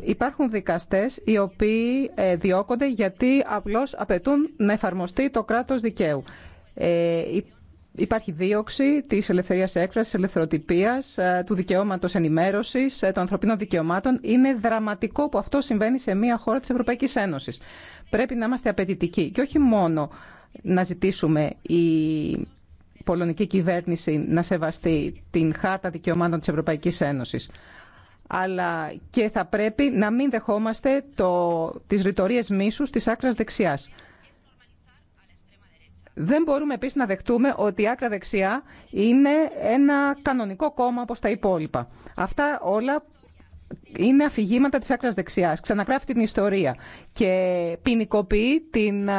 S6: Υπάρχουν δικαστές οι οποίοι ε, διώκονται γιατί απλώς απαιτούν να εφαρμοστεί το κράτος δικαίου. Ε, υπάρχει δίωξη τη ελευθερία έκφραση, τη ελευθεροτυπία, ε, του δικαιώματο ενημέρωση, των ανθρωπίνων δικαιωμάτων. Είναι δραματικό που αυτό συμβαίνει σε μια χώρα τη Ευρωπαϊκή Ένωση. Πρέπει να είμαστε απαιτητικοί και όχι μόνο να ζητήσουμε πολωνική κυβέρνηση να σεβαστεί την Χάρτα Δικαιωμάτων της Ευρωπαϊκής Ένωσης. Αλλά και θα πρέπει να μην δεχόμαστε το, τις ρητορίες μίσους της άκρας δεξιάς. Δεν μπορούμε επίσης να δεχτούμε ότι η άκρα δεξιά είναι ένα κανονικό κόμμα όπως τα υπόλοιπα. Αυτά όλα είναι αφηγήματα της άκρας δεξιάς. Ξαναγράφει την ιστορία και ποινικοποιεί την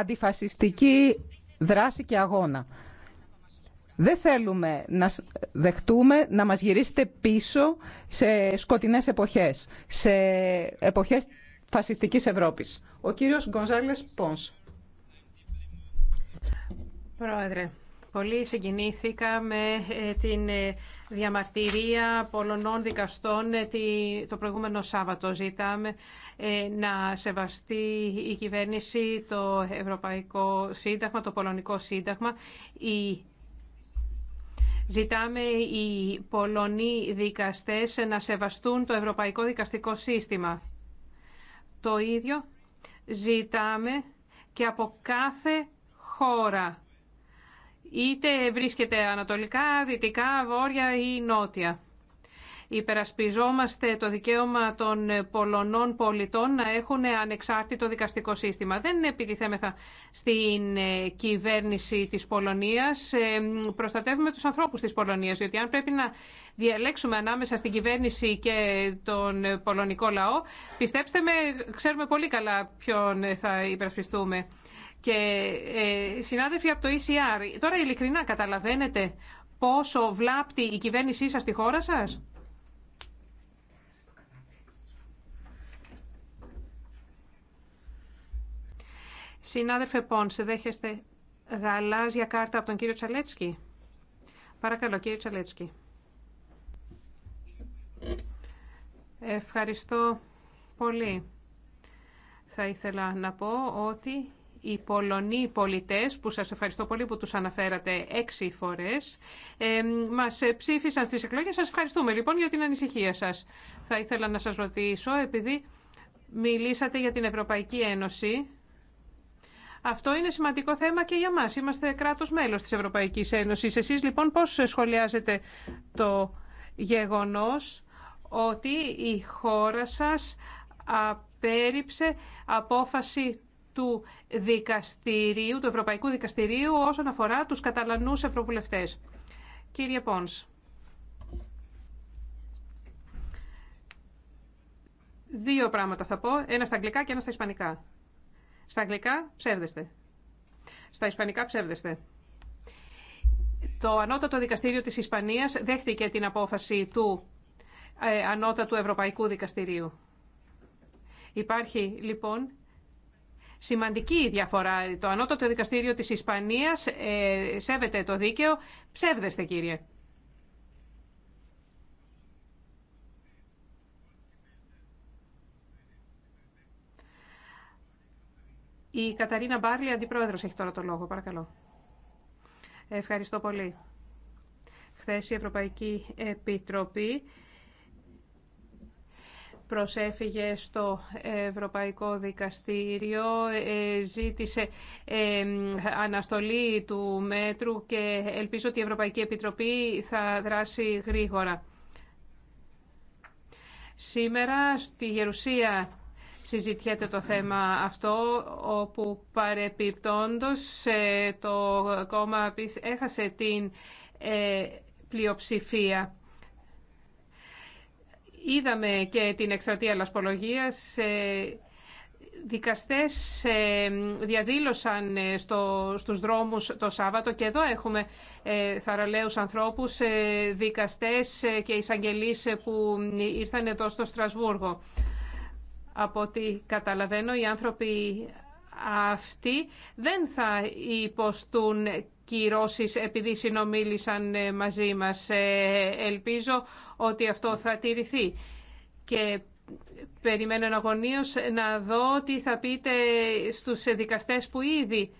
S6: αντιφασιστική δράση και αγώνα. Δεν θέλουμε να δεχτούμε να μας γυρίσετε πίσω σε σκοτεινές εποχές, σε εποχές φασιστικής Ευρώπης. Ο κύριος Γκονζάλες Πόνς.
S7: Πρόεδρε, πολύ συγκινήθηκα με ε, την ε, διαμαρτυρία πολωνών δικαστών ε, το προηγούμενο Σάββατο. Ζήταμε να σεβαστεί η κυβέρνηση το Ευρωπαϊκό Σύνταγμα, το Πολωνικό Σύνταγμα, η Ζητάμε οι Πολωνοί δικαστές να σεβαστούν το ευρωπαϊκό δικαστικό σύστημα. Το ίδιο ζητάμε και από κάθε χώρα. Είτε βρίσκεται ανατολικά, δυτικά, βόρεια ή νότια υπερασπιζόμαστε το δικαίωμα των Πολωνών πολιτών να έχουν ανεξάρτητο δικαστικό σύστημα. Δεν επιτιθέμεθα στην ε, κυβέρνηση της Πολωνίας. Ε, προστατεύουμε τους ανθρώπους της Πολωνίας, διότι αν πρέπει να διαλέξουμε ανάμεσα στην κυβέρνηση και τον πολωνικό λαό, πιστέψτε με, ξέρουμε πολύ καλά ποιον θα υπερασπιστούμε. Και ε, συνάδελφοι από το ECR, τώρα ειλικρινά καταλαβαίνετε πόσο βλάπτει η κυβέρνησή σας στη χώρα σας. Συνάδελφε Πόνσε, δέχεστε γαλάζια κάρτα από τον κύριο Τσαλέτσκι. Παρακαλώ, κύριε Τσαλέτσκι. Ευχαριστώ πολύ. Θα ήθελα να πω ότι οι Πολωνοί πολιτές, που σας ευχαριστώ πολύ που τους αναφέρατε έξι φορές, ε, μας ψήφισαν στις εκλογές. Σας ευχαριστούμε λοιπόν για την ανησυχία σας. Θα ήθελα να σας ρωτήσω, επειδή μιλήσατε για την Ευρωπαϊκή Ένωση, αυτό είναι σημαντικό θέμα και για μας. Είμαστε κράτος μέλος της Ευρωπαϊκής Ένωσης. Εσείς λοιπόν πώς σχολιάζετε το γεγονός ότι η χώρα σας απέριψε απόφαση του δικαστηρίου, του Ευρωπαϊκού Δικαστηρίου όσον αφορά τους καταλανούς ευρωβουλευτές. Κύριε Πόνς. Δύο πράγματα θα πω, ένα στα αγγλικά και ένα στα ισπανικά. Στα αγγλικά ψεύδεστε. Στα ισπανικά ψεύδεστε. Το Ανώτατο Δικαστήριο της Ισπανίας δέχτηκε την απόφαση του ε, Ανώτατου Ευρωπαϊκού Δικαστηρίου. Υπάρχει λοιπόν σημαντική διαφορά. Το Ανώτατο Δικαστήριο της Ισπανίας ε, σέβεται το δίκαιο. Ψεύδεστε κύριε. Η Καταρίνα Μπάρλη, αντιπρόεδρος, έχει τώρα το λόγο. Παρακαλώ. Ευχαριστώ πολύ. Χθε η Ευρωπαϊκή Επιτροπή προσέφυγε στο Ευρωπαϊκό Δικαστήριο, ε, ζήτησε ε, αναστολή του μέτρου και ελπίζω ότι η Ευρωπαϊκή Επιτροπή θα δράσει γρήγορα. Σήμερα στη Γερουσία συζητιέται το θέμα αυτό, όπου παρεπιπτόντως ε, το κόμμα έχασε την ε, πλειοψηφία. Είδαμε και την εκστρατεία λασπολογίας. Ε, δικαστές διαδήλωσαν στο, στους δρόμους το Σάββατο και εδώ έχουμε θαραλέους ανθρώπους, δικαστές και εισαγγελείς που ήρθαν εδώ στο Στρασβούργο. Από ό,τι καταλαβαίνω, οι άνθρωποι αυτοί δεν θα υποστούν κυρώσεις επειδή συνομίλησαν ε, μαζί μας. Ε, ελπίζω ότι αυτό θα τηρηθεί. Και περιμένω αγωνίως να δω τι θα πείτε στους δικαστές που ήδη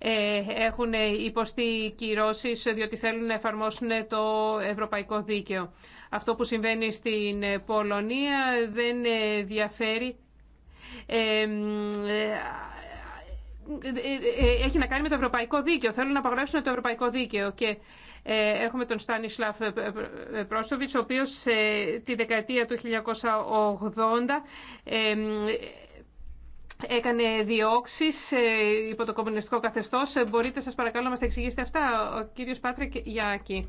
S7: ε, έχουν υποστεί κυρώσει διότι θέλουν να εφαρμόσουν το ευρωπαϊκό δίκαιο. Αυτό που συμβαίνει στην Πολωνία δεν διαφέρει ε, ε, έχει να κάνει με το ευρωπαϊκό δίκαιο. Θέλουν να απαγορεύσουν το ευρωπαϊκό δίκαιο. Και έχουμε τον Στάνισλαφ Πρόστοβιτς ο οποίος τη δεκαετία του 1980 έκανε διώξεις ε, υπό το κομμουνιστικό καθεστώς. Ε, μπορείτε σας παρακαλώ να μα τα εξηγήσετε αυτά. Ο κύριος Πάτρικ Γιάκη.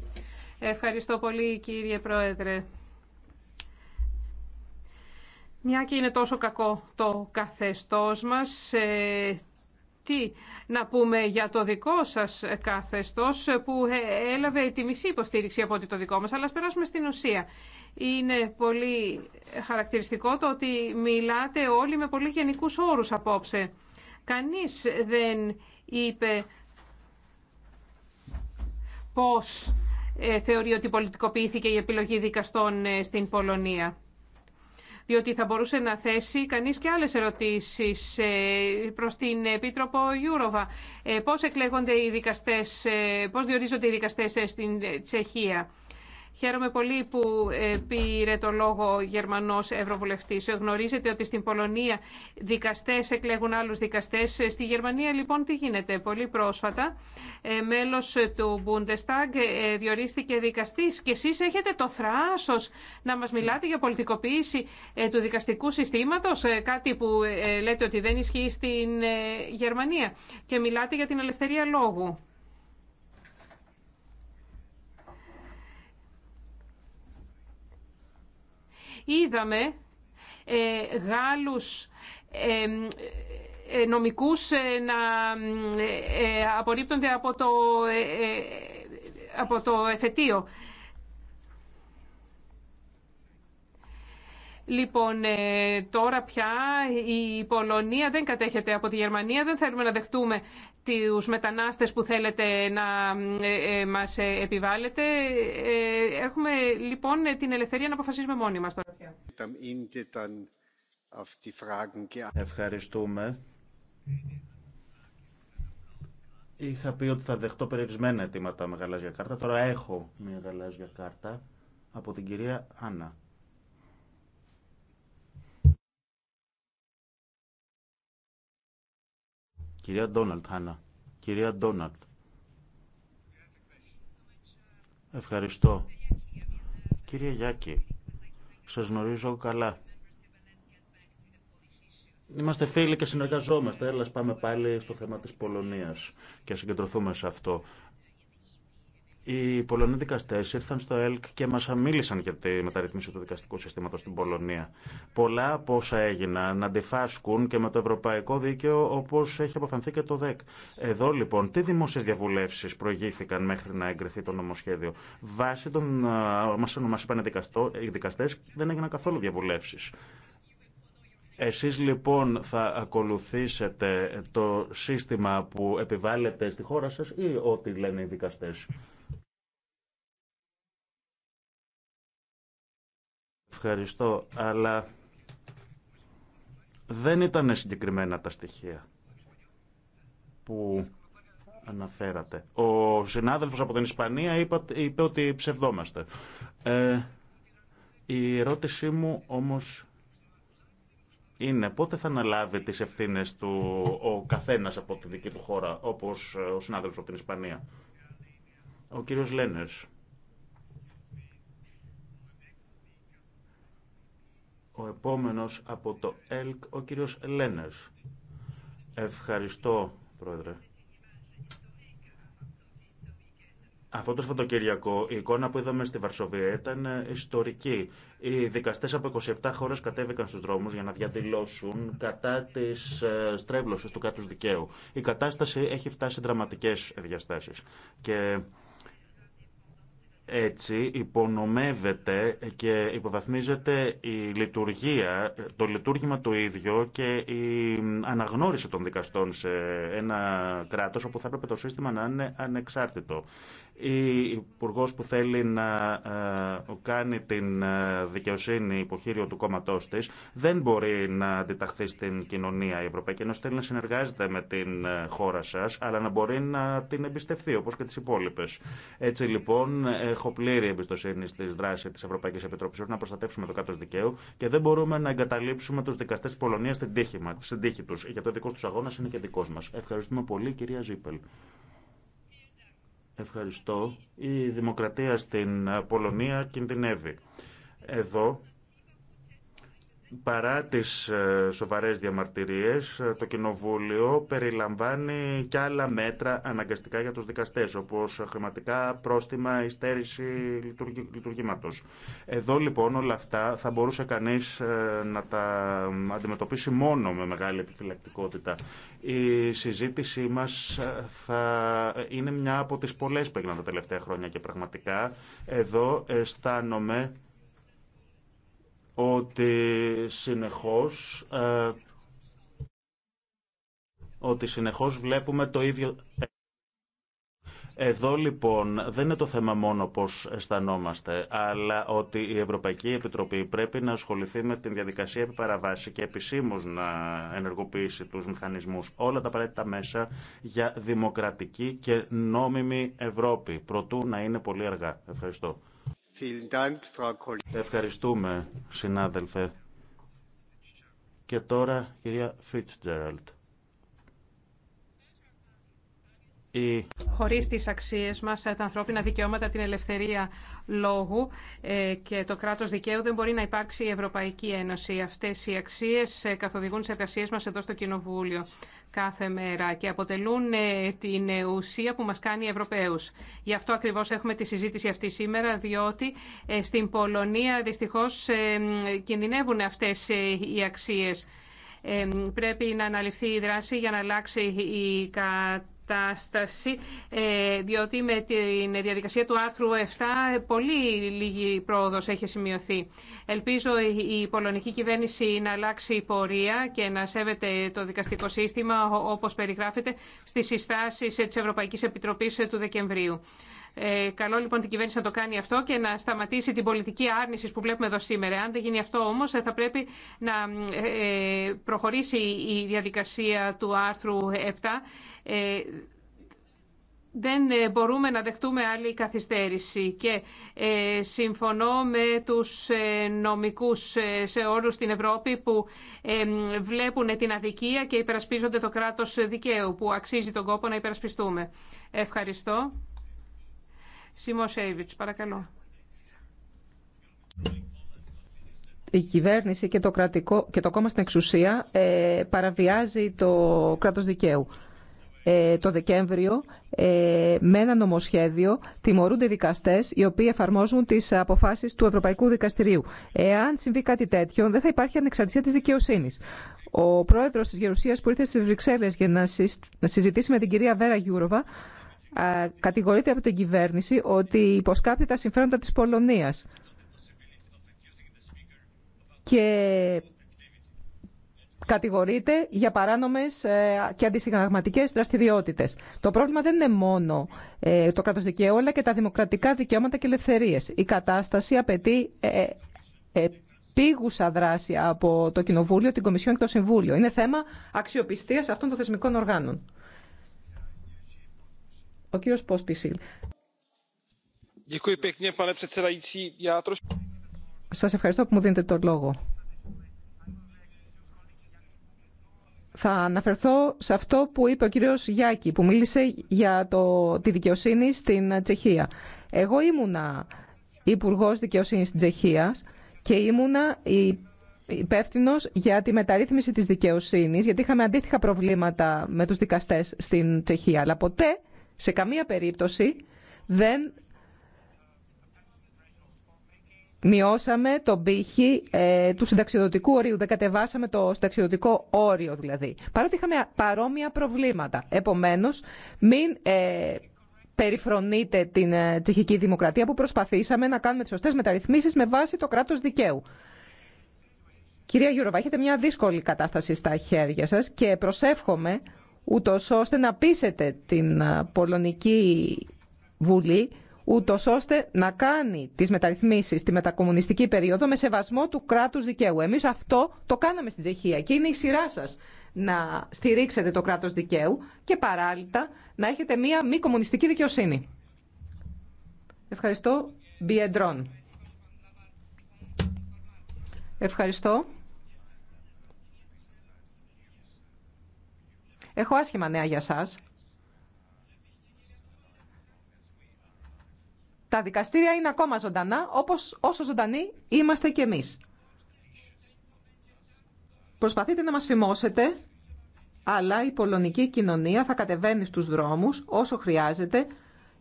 S7: Ευχαριστώ πολύ κύριε Πρόεδρε. Μια και είναι τόσο κακό το καθεστώς μας, ε, τι να πούμε για το δικό σας καθεστώ που ε, έλαβε τη μισή υποστήριξη από το δικό μας, αλλά α περάσουμε στην ουσία. Είναι πολύ χαρακτηριστικό το ότι μιλάτε όλοι με πολύ γενικούς όρους απόψε. Κανείς δεν είπε πώς ε, θεωρεί ότι πολιτικοποιήθηκε η επιλογή δικαστών ε, στην Πολωνία διότι θα μπορούσε να θέσει κανείς και άλλες ερωτήσεις ε, προς την Επίτροπο Γιούροβα. Ε, πώς εκλέγονται οι δικαστές, ε, πώς διορίζονται οι δικαστές στην Τσεχία. Χαίρομαι πολύ που ε, πήρε το λόγο Γερμανός Ευρωβουλευτής. Ε, γνωρίζετε ότι στην Πολωνία δικαστές εκλέγουν άλλους δικαστές. Ε, στη Γερμανία λοιπόν τι γίνεται. Πολύ πρόσφατα μέλος του Bundestag διορίστηκε δικαστής και εσείς έχετε το θράσος να μας μιλάτε για πολιτικοποίηση του δικαστικού συστήματος, κάτι που λέτε ότι δεν ισχύει στην Γερμανία και μιλάτε για την ελευθερία λόγου. είδαμε ε, Γάλλους ε, ε, νομικούς ε, να απορρίπτονται από το, από το εφετείο. Λοιπόν, ε, τώρα πια η Πολωνία δεν κατέχεται από τη Γερμανία. Δεν θέλουμε να δεχτούμε τους μετανάστες που θέλετε να ε, ε, μας επιβάλλετε. Έχουμε λοιπόν την ελευθερία να αποφασίσουμε μόνοι μας τώρα
S3: πια. Ευχαριστούμε.
S5: Είχα πει ότι θα δεχτώ περιορισμένα αιτήματα με γαλάζια κάρτα. Τώρα έχω μια γαλάζια κάρτα από την κυρία Άννα. Κυρία Ντόναλτ, Χάνα. Κυρία Ντόναλτ. Ευχαριστώ. Κύριε Γιάκη, σας γνωρίζω καλά. Είμαστε φίλοι και συνεργαζόμαστε. Έλα πάμε πάλι στο θέμα της Πολωνίας και συγκεντρωθούμε σε αυτό. Οι Πολωνοί δικαστέ ήρθαν στο ΕΛΚ και μα μίλησαν για τη μεταρρύθμιση του δικαστικού συστήματο στην Πολωνία. Πολλά από όσα έγιναν αντιφάσκουν και με το ευρωπαϊκό δίκαιο όπω έχει αποφανθεί και το ΔΕΚ. Εδώ λοιπόν, τι δημόσιε διαβουλεύσει προηγήθηκαν μέχρι να εγκριθεί το νομοσχέδιο. Βάσει των. Μα είπαν οι δικαστέ, δεν έγιναν καθόλου διαβουλεύσει. Εσείς λοιπόν θα ακολουθήσετε το σύστημα που επιβάλλεται στη χώρα σας ή ό,τι λένε οι δικαστέ, Ευχαριστώ, αλλά δεν ήταν συγκεκριμένα τα στοιχεία που αναφέρατε. Ο συνάδελφος από την Ισπανία είπε ότι ψευδόμαστε. Ε, η ερώτησή μου όμως είναι πότε θα αναλάβει τις ευθύνες του ο καθένας από τη δική του χώρα, όπως ο συνάδελφος από την Ισπανία. Ο κύριος Λένερς. Ο επόμενος από το ΕΛΚ, ο κύριος Λένερ. Ευχαριστώ, Πρόεδρε. Αυτό το Σαββατοκύριακο η εικόνα που είδαμε στη Βαρσοβία ήταν ιστορική. Οι δικαστέ από 27 χώρε κατέβηκαν στου δρόμου για να διαδηλώσουν κατά τη ε, στρέβλωση του κάτους δικαίου. Η κατάσταση έχει φτάσει δραματικέ διαστάσει. Και έτσι υπονομεύεται και υποβαθμίζεται η λειτουργία, το λειτουργήμα το ίδιο και η αναγνώριση των δικαστών σε ένα κράτος όπου θα έπρεπε το σύστημα να είναι ανεξάρτητο ή υπουργό που θέλει να ε, κάνει την ε, δικαιοσύνη υποχείριο του κόμματό τη, δεν μπορεί να αντιταχθεί στην κοινωνία η Ευρωπαϊκή Ένωση. Θέλει να συνεργάζεται με την ε, χώρα σα, αλλά να μπορεί να την εμπιστευτεί, όπω και τι υπόλοιπε. Έτσι λοιπόν, έχω πλήρη εμπιστοσύνη στι δράσει τη Ευρωπαϊκή Επιτροπή να προστατεύσουμε το κάτω δικαίου και δεν μπορούμε να εγκαταλείψουμε του δικαστέ τη Πολωνία στην τύχη, τύχη του. γιατί το δικό του αγώνα είναι και δικό μα. Ευχαριστούμε πολύ, κυρία Ζήπελ. Ευχαριστώ. Η δημοκρατία στην Πολωνία κινδυνεύει. Εδώ παρά τις ε, σοβαρές διαμαρτυρίες, ε, το Κοινοβούλιο περιλαμβάνει και άλλα μέτρα αναγκαστικά για τους δικαστές, όπως χρηματικά πρόστιμα ή στέρηση λειτουργήματος. Εδώ λοιπόν όλα αυτά θα μπορούσε κανείς ε, να τα αντιμετωπίσει μόνο με μεγάλη επιφυλακτικότητα. Η συζήτησή μας θα είναι μια από τις πολλές που έγιναν τα τελευταία χρόνια και πραγματικά εδώ αισθάνομαι ότι συνεχώς ε, ότι συνεχώς βλέπουμε το ίδιο εδώ λοιπόν δεν είναι το θέμα μόνο πώς αισθανόμαστε, αλλά ότι η Ευρωπαϊκή Επιτροπή πρέπει να ασχοληθεί με την διαδικασία επί και επισήμως να ενεργοποιήσει τους μηχανισμούς όλα τα απαραίτητα μέσα για δημοκρατική και νόμιμη Ευρώπη. Προτού να είναι πολύ αργά. Ευχαριστώ. Ευχαριστούμε, συνάδελφε. Και τώρα, κυρία Φιτζέραλτ. Η...
S7: Χωρίς τις αξίες μας, τα ανθρώπινα δικαιώματα, την ελευθερία λόγου ε, και το κράτος δικαίου δεν μπορεί να υπάρξει η Ευρωπαϊκή Ένωση. Αυτές οι αξίες ε, καθοδηγούν τις εργασίε μας εδώ στο Κοινοβούλιο κάθε μέρα και αποτελούν ε, την ουσία που μας κάνει Ευρωπαίους. Γι' αυτό ακριβώς έχουμε τη συζήτηση αυτή σήμερα, διότι ε, στην Πολωνία δυστυχώς ε, κινδυνεύουν αυτές οι αξίες. Πρέπει να αναλυφθεί η δράση για να αλλάξει η κατάσταση κατάσταση, ε, διότι με τη διαδικασία του άρθρου 7 ε, πολύ λίγη πρόοδος έχει σημειωθεί. Ελπίζω η πολωνική κυβέρνηση να αλλάξει η πορεία και να σέβεται το δικαστικό σύστημα όπως περιγράφεται στις συστάσεις ε, της Ευρωπαϊκής Επιτροπής του Δεκεμβρίου. Ε, καλό λοιπόν την κυβέρνηση να το κάνει αυτό και να σταματήσει την πολιτική άρνηση που βλέπουμε εδώ σήμερα. Αν δεν γίνει αυτό όμω, θα πρέπει να ε, ε, προχωρήσει η διαδικασία του άρθρου 7. Ε, δεν ε, μπορούμε να δεχτούμε άλλη καθυστέρηση και ε, συμφωνώ με τους νομικούς σε όλους στην Ευρώπη που βλέπουν την αδικία και υπερασπίζονται το κράτος δικαίου που αξίζει τον κόπο να υπερασπιστούμε. Ευχαριστώ. Σιμωσέιβιτς, παρακαλώ.
S6: Η κυβέρνηση και το, κρατικό, και το κόμμα στην εξουσία ε, παραβιάζει το κράτος δικαίου. Ε, το Δεκέμβριο ε, με ένα νομοσχέδιο τιμωρούνται οι δικαστές οι οποίοι εφαρμόζουν τις αποφάσεις του Ευρωπαϊκού Δικαστηρίου. Εάν συμβεί κάτι τέτοιο δεν θα υπάρχει ανεξαρτησία της δικαιοσύνης. Ο πρόεδρος της Γερουσίας που ήρθε στις Βρυξέλλες για να συζητήσει με την κυρία Βέρα Γιούροβα κατηγορείται από την κυβέρνηση ότι υποσκάπτει τα συμφέροντα της Πολωνίας. Και κατηγορείται για παράνομες ε, και αντισυνταγματικές δραστηριότητες. Το πρόβλημα δεν είναι μόνο ε, το κράτος δικαίου, αλλά και τα δημοκρατικά δικαιώματα και ελευθερίες. Η κατάσταση απαιτεί ε, επίγουσα δράση από το Κοινοβούλιο, την Κομισιόν και το Συμβούλιο. Είναι θέμα αξιοπιστίας αυτών των θεσμικών οργάνων. Ο κύριος Πόσπισιλ. Σας ευχαριστώ που μου δίνετε το λόγο. Θα αναφερθώ σε αυτό που είπε ο κύριος Γιάκη, που μίλησε για το, τη δικαιοσύνη στην Τσεχία. Εγώ ήμουνα υπουργό Δικαιοσύνης της Τσεχίας και ήμουνα υπεύθυνο για τη μεταρρύθμιση της δικαιοσύνης, γιατί είχαμε αντίστοιχα προβλήματα με τους δικαστές στην Τσεχία. Αλλά ποτέ σε καμία περίπτωση δεν μειώσαμε τον πύχη ε, του συνταξιδοτικού ορίου, δεν κατεβάσαμε το συνταξιδοτικό όριο δηλαδή. Παρότι είχαμε παρόμοια προβλήματα. Επομένως, μην ε, περιφρονείτε την ε, τσεχική δημοκρατία που προσπαθήσαμε να κάνουμε τις σωστές μεταρρυθμίσεις με βάση το κράτος δικαίου. Κυρία Γιούροβα, έχετε μια δύσκολη κατάσταση στα χέρια σας και προσεύχομαι ούτω ώστε να πείσετε την Πολωνική Βουλή, ούτω ώστε να κάνει τι μεταρρυθμίσει στη μετακομμουνιστική περίοδο με σεβασμό του κράτου δικαίου. Εμεί αυτό το κάναμε στην Τσεχία και είναι η σειρά σα να στηρίξετε το κράτο δικαίου και παράλληλα να έχετε μία μη κομμουνιστική δικαιοσύνη. Ευχαριστώ. Μπιεντρών. Ευχαριστώ. Έχω άσχημα νέα για σας. Τα δικαστήρια είναι ακόμα ζωντανά, όπως όσο ζωντανοί είμαστε κι εμείς. Προσπαθείτε να μας φημώσετε, αλλά η πολωνική κοινωνία θα κατεβαίνει στους δρόμους όσο χρειάζεται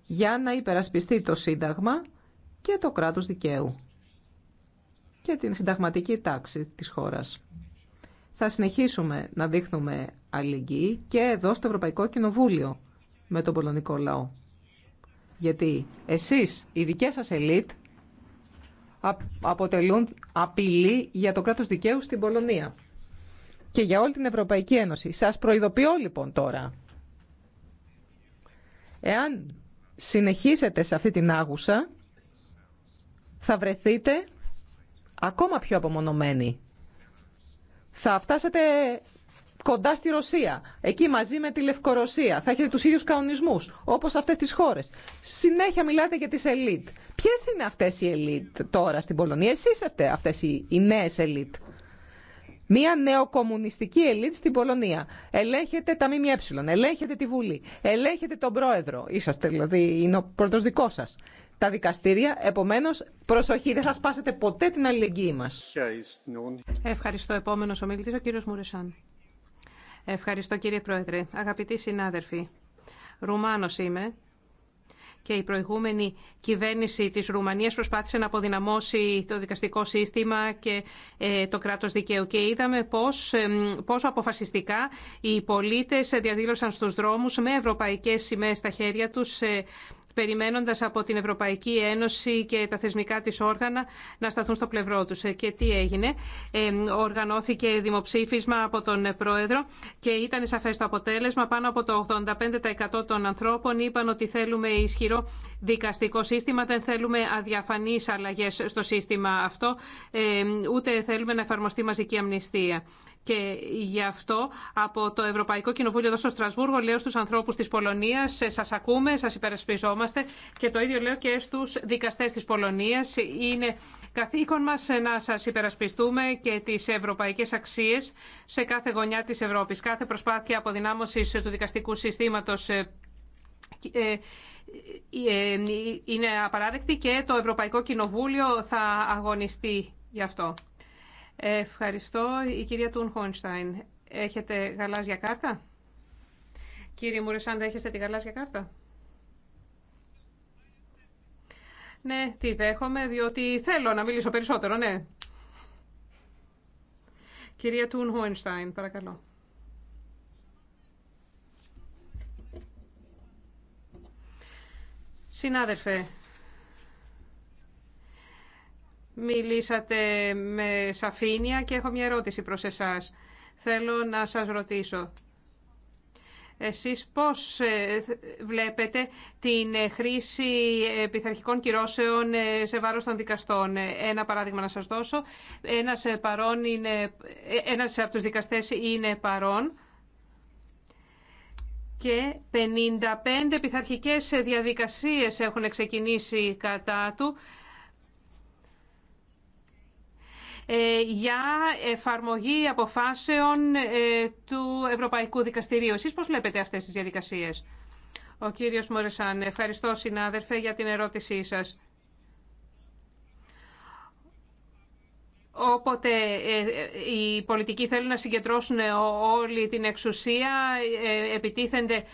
S6: για να υπερασπιστεί το Σύνταγμα και το κράτος δικαίου και την συνταγματική τάξη της χώρας θα συνεχίσουμε να δείχνουμε αλληλεγγύη και εδώ στο Ευρωπαϊκό Κοινοβούλιο με τον πολωνικό λαό. Γιατί εσείς, οι δικές σας ελίτ, αποτελούν απειλή για το κράτος δικαίου στην Πολωνία και για όλη την Ευρωπαϊκή Ένωση. Σας προειδοποιώ λοιπόν τώρα. Εάν συνεχίσετε σε αυτή την άγουσα, θα βρεθείτε ακόμα πιο απομονωμένοι θα φτάσετε κοντά στη Ρωσία, εκεί μαζί με τη Λευκορωσία. Θα έχετε τους ίδιους καονισμούς, όπως αυτές τις χώρες. Συνέχεια μιλάτε για τις ελίτ. Ποιες είναι αυτές οι ελίτ τώρα στην Πολωνία, εσείς είσαστε αυτές οι, οι νέες ελίτ. Μία νεοκομμουνιστική ελίτ στην Πολωνία. Ελέγχετε τα ΜΜΕ, ελέγχετε τη Βουλή, ελέγχετε τον πρόεδρο. Είσαστε δηλαδή, είναι ο πρώτος σας τα δικαστήρια.
S7: Επομένω, προσοχή, δεν θα σπάσετε ποτέ την αλληλεγγύη μα. Ευχαριστώ. Επόμενο ομιλητή, ο κύριο Μουρεσάν. Ευχαριστώ, κύριε Πρόεδρε. Αγαπητοί συνάδελφοι, Ρουμάνος είμαι και η προηγούμενη κυβέρνηση της Ρουμανίας προσπάθησε να αποδυναμώσει το δικαστικό σύστημα και ε, το κράτος δικαίου. Και είδαμε πώς, πόσο αποφασιστικά οι πολίτες διαδήλωσαν στους δρόμους με ευρωπαϊκές σημαίες στα χέρια τους ε, περιμένοντας από την Ευρωπαϊκή Ένωση και τα θεσμικά της όργανα να σταθούν στο πλευρό τους. Ε, και τι έγινε. Ε, οργανώθηκε δημοψήφισμα από τον Πρόεδρο και ήταν σαφές το αποτέλεσμα. Πάνω από το 85% των ανθρώπων είπαν ότι θέλουμε ισχυρό δικαστικό σύστημα. Δεν θέλουμε αδιαφανείς αλλαγές στο σύστημα αυτό. Ε, ούτε θέλουμε να εφαρμοστεί μαζική αμνηστία. Και γι' αυτό από το Ευρωπαϊκό Κοινοβούλιο εδώ στο Στρασβούργο λέω στου ανθρώπους της Πολωνίας «Ε, σας ακούμε, σας υπερασπιζόμαστε και το ίδιο λέω και στους δικαστές της Πολωνίας. Είναι καθήκον μα να σα υπερασπιστούμε και τις ευρωπαϊκές αξίες σε κάθε γωνιά της Ευρώπη. Κάθε προσπάθεια αποδυνάμωσης του δικαστικού συστήματο ε, ε, είναι απαράδεκτη και το Ευρωπαϊκό Κοινοβούλιο θα αγωνιστεί γι' αυτό. Ευχαριστώ. Η κυρία Τούν Χόνσταϊν. Έχετε γαλάζια κάρτα? Κύριε Μουρεσάντα, έχετε τη γαλάζια κάρτα? Ναι, τη δέχομαι, διότι θέλω να μιλήσω περισσότερο, ναι. Κυρία Τούν Χόινστάιν, παρακαλώ. Συνάδελφε, Μιλήσατε με σαφήνεια και έχω μια ερώτηση προς εσάς. Θέλω να σας ρωτήσω. Εσείς πώς ε, βλέπετε την χρήση πειθαρχικών κυρώσεων ε, σε βάρος των δικαστών. Ε, ένα παράδειγμα να σας δώσω. Ένας, παρόν είναι, ένας από τους δικαστές είναι παρόν και 55 πειθαρχικές διαδικασίες έχουν ξεκινήσει κατά του ε, για εφαρμογή αποφάσεων ε, του Ευρωπαϊκού Δικαστηρίου. Εσείς πώς βλέπετε αυτές τις διαδικασίες. Ο κύριος Μωρεσάν, ευχαριστώ συνάδελφε για την ερώτησή σας. Όποτε ε, ε, οι πολιτικοί θέλουν να συγκεντρώσουν όλη την εξουσία, ε, επιτίθενται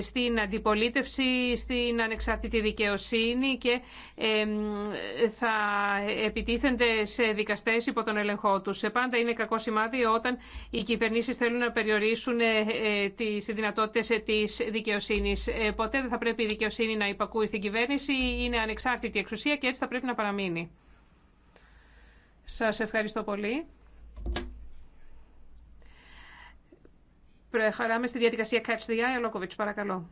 S7: στην αντιπολίτευση, στην ανεξάρτητη δικαιοσύνη και θα επιτίθενται σε δικαστές υπό τον ελεγχό τους. Πάντα είναι κακό σημάδι όταν οι κυβερνήσεις θέλουν να περιορίσουν τις δυνατότητες της δικαιοσύνης. Ποτέ δεν θα πρέπει η δικαιοσύνη να υπακούει στην κυβέρνηση, είναι ανεξάρτητη εξουσία και έτσι θα πρέπει να παραμείνει. Σας ευχαριστώ πολύ. Προχωράμε στη διαδικασία Catch the Eye. παρακαλώ.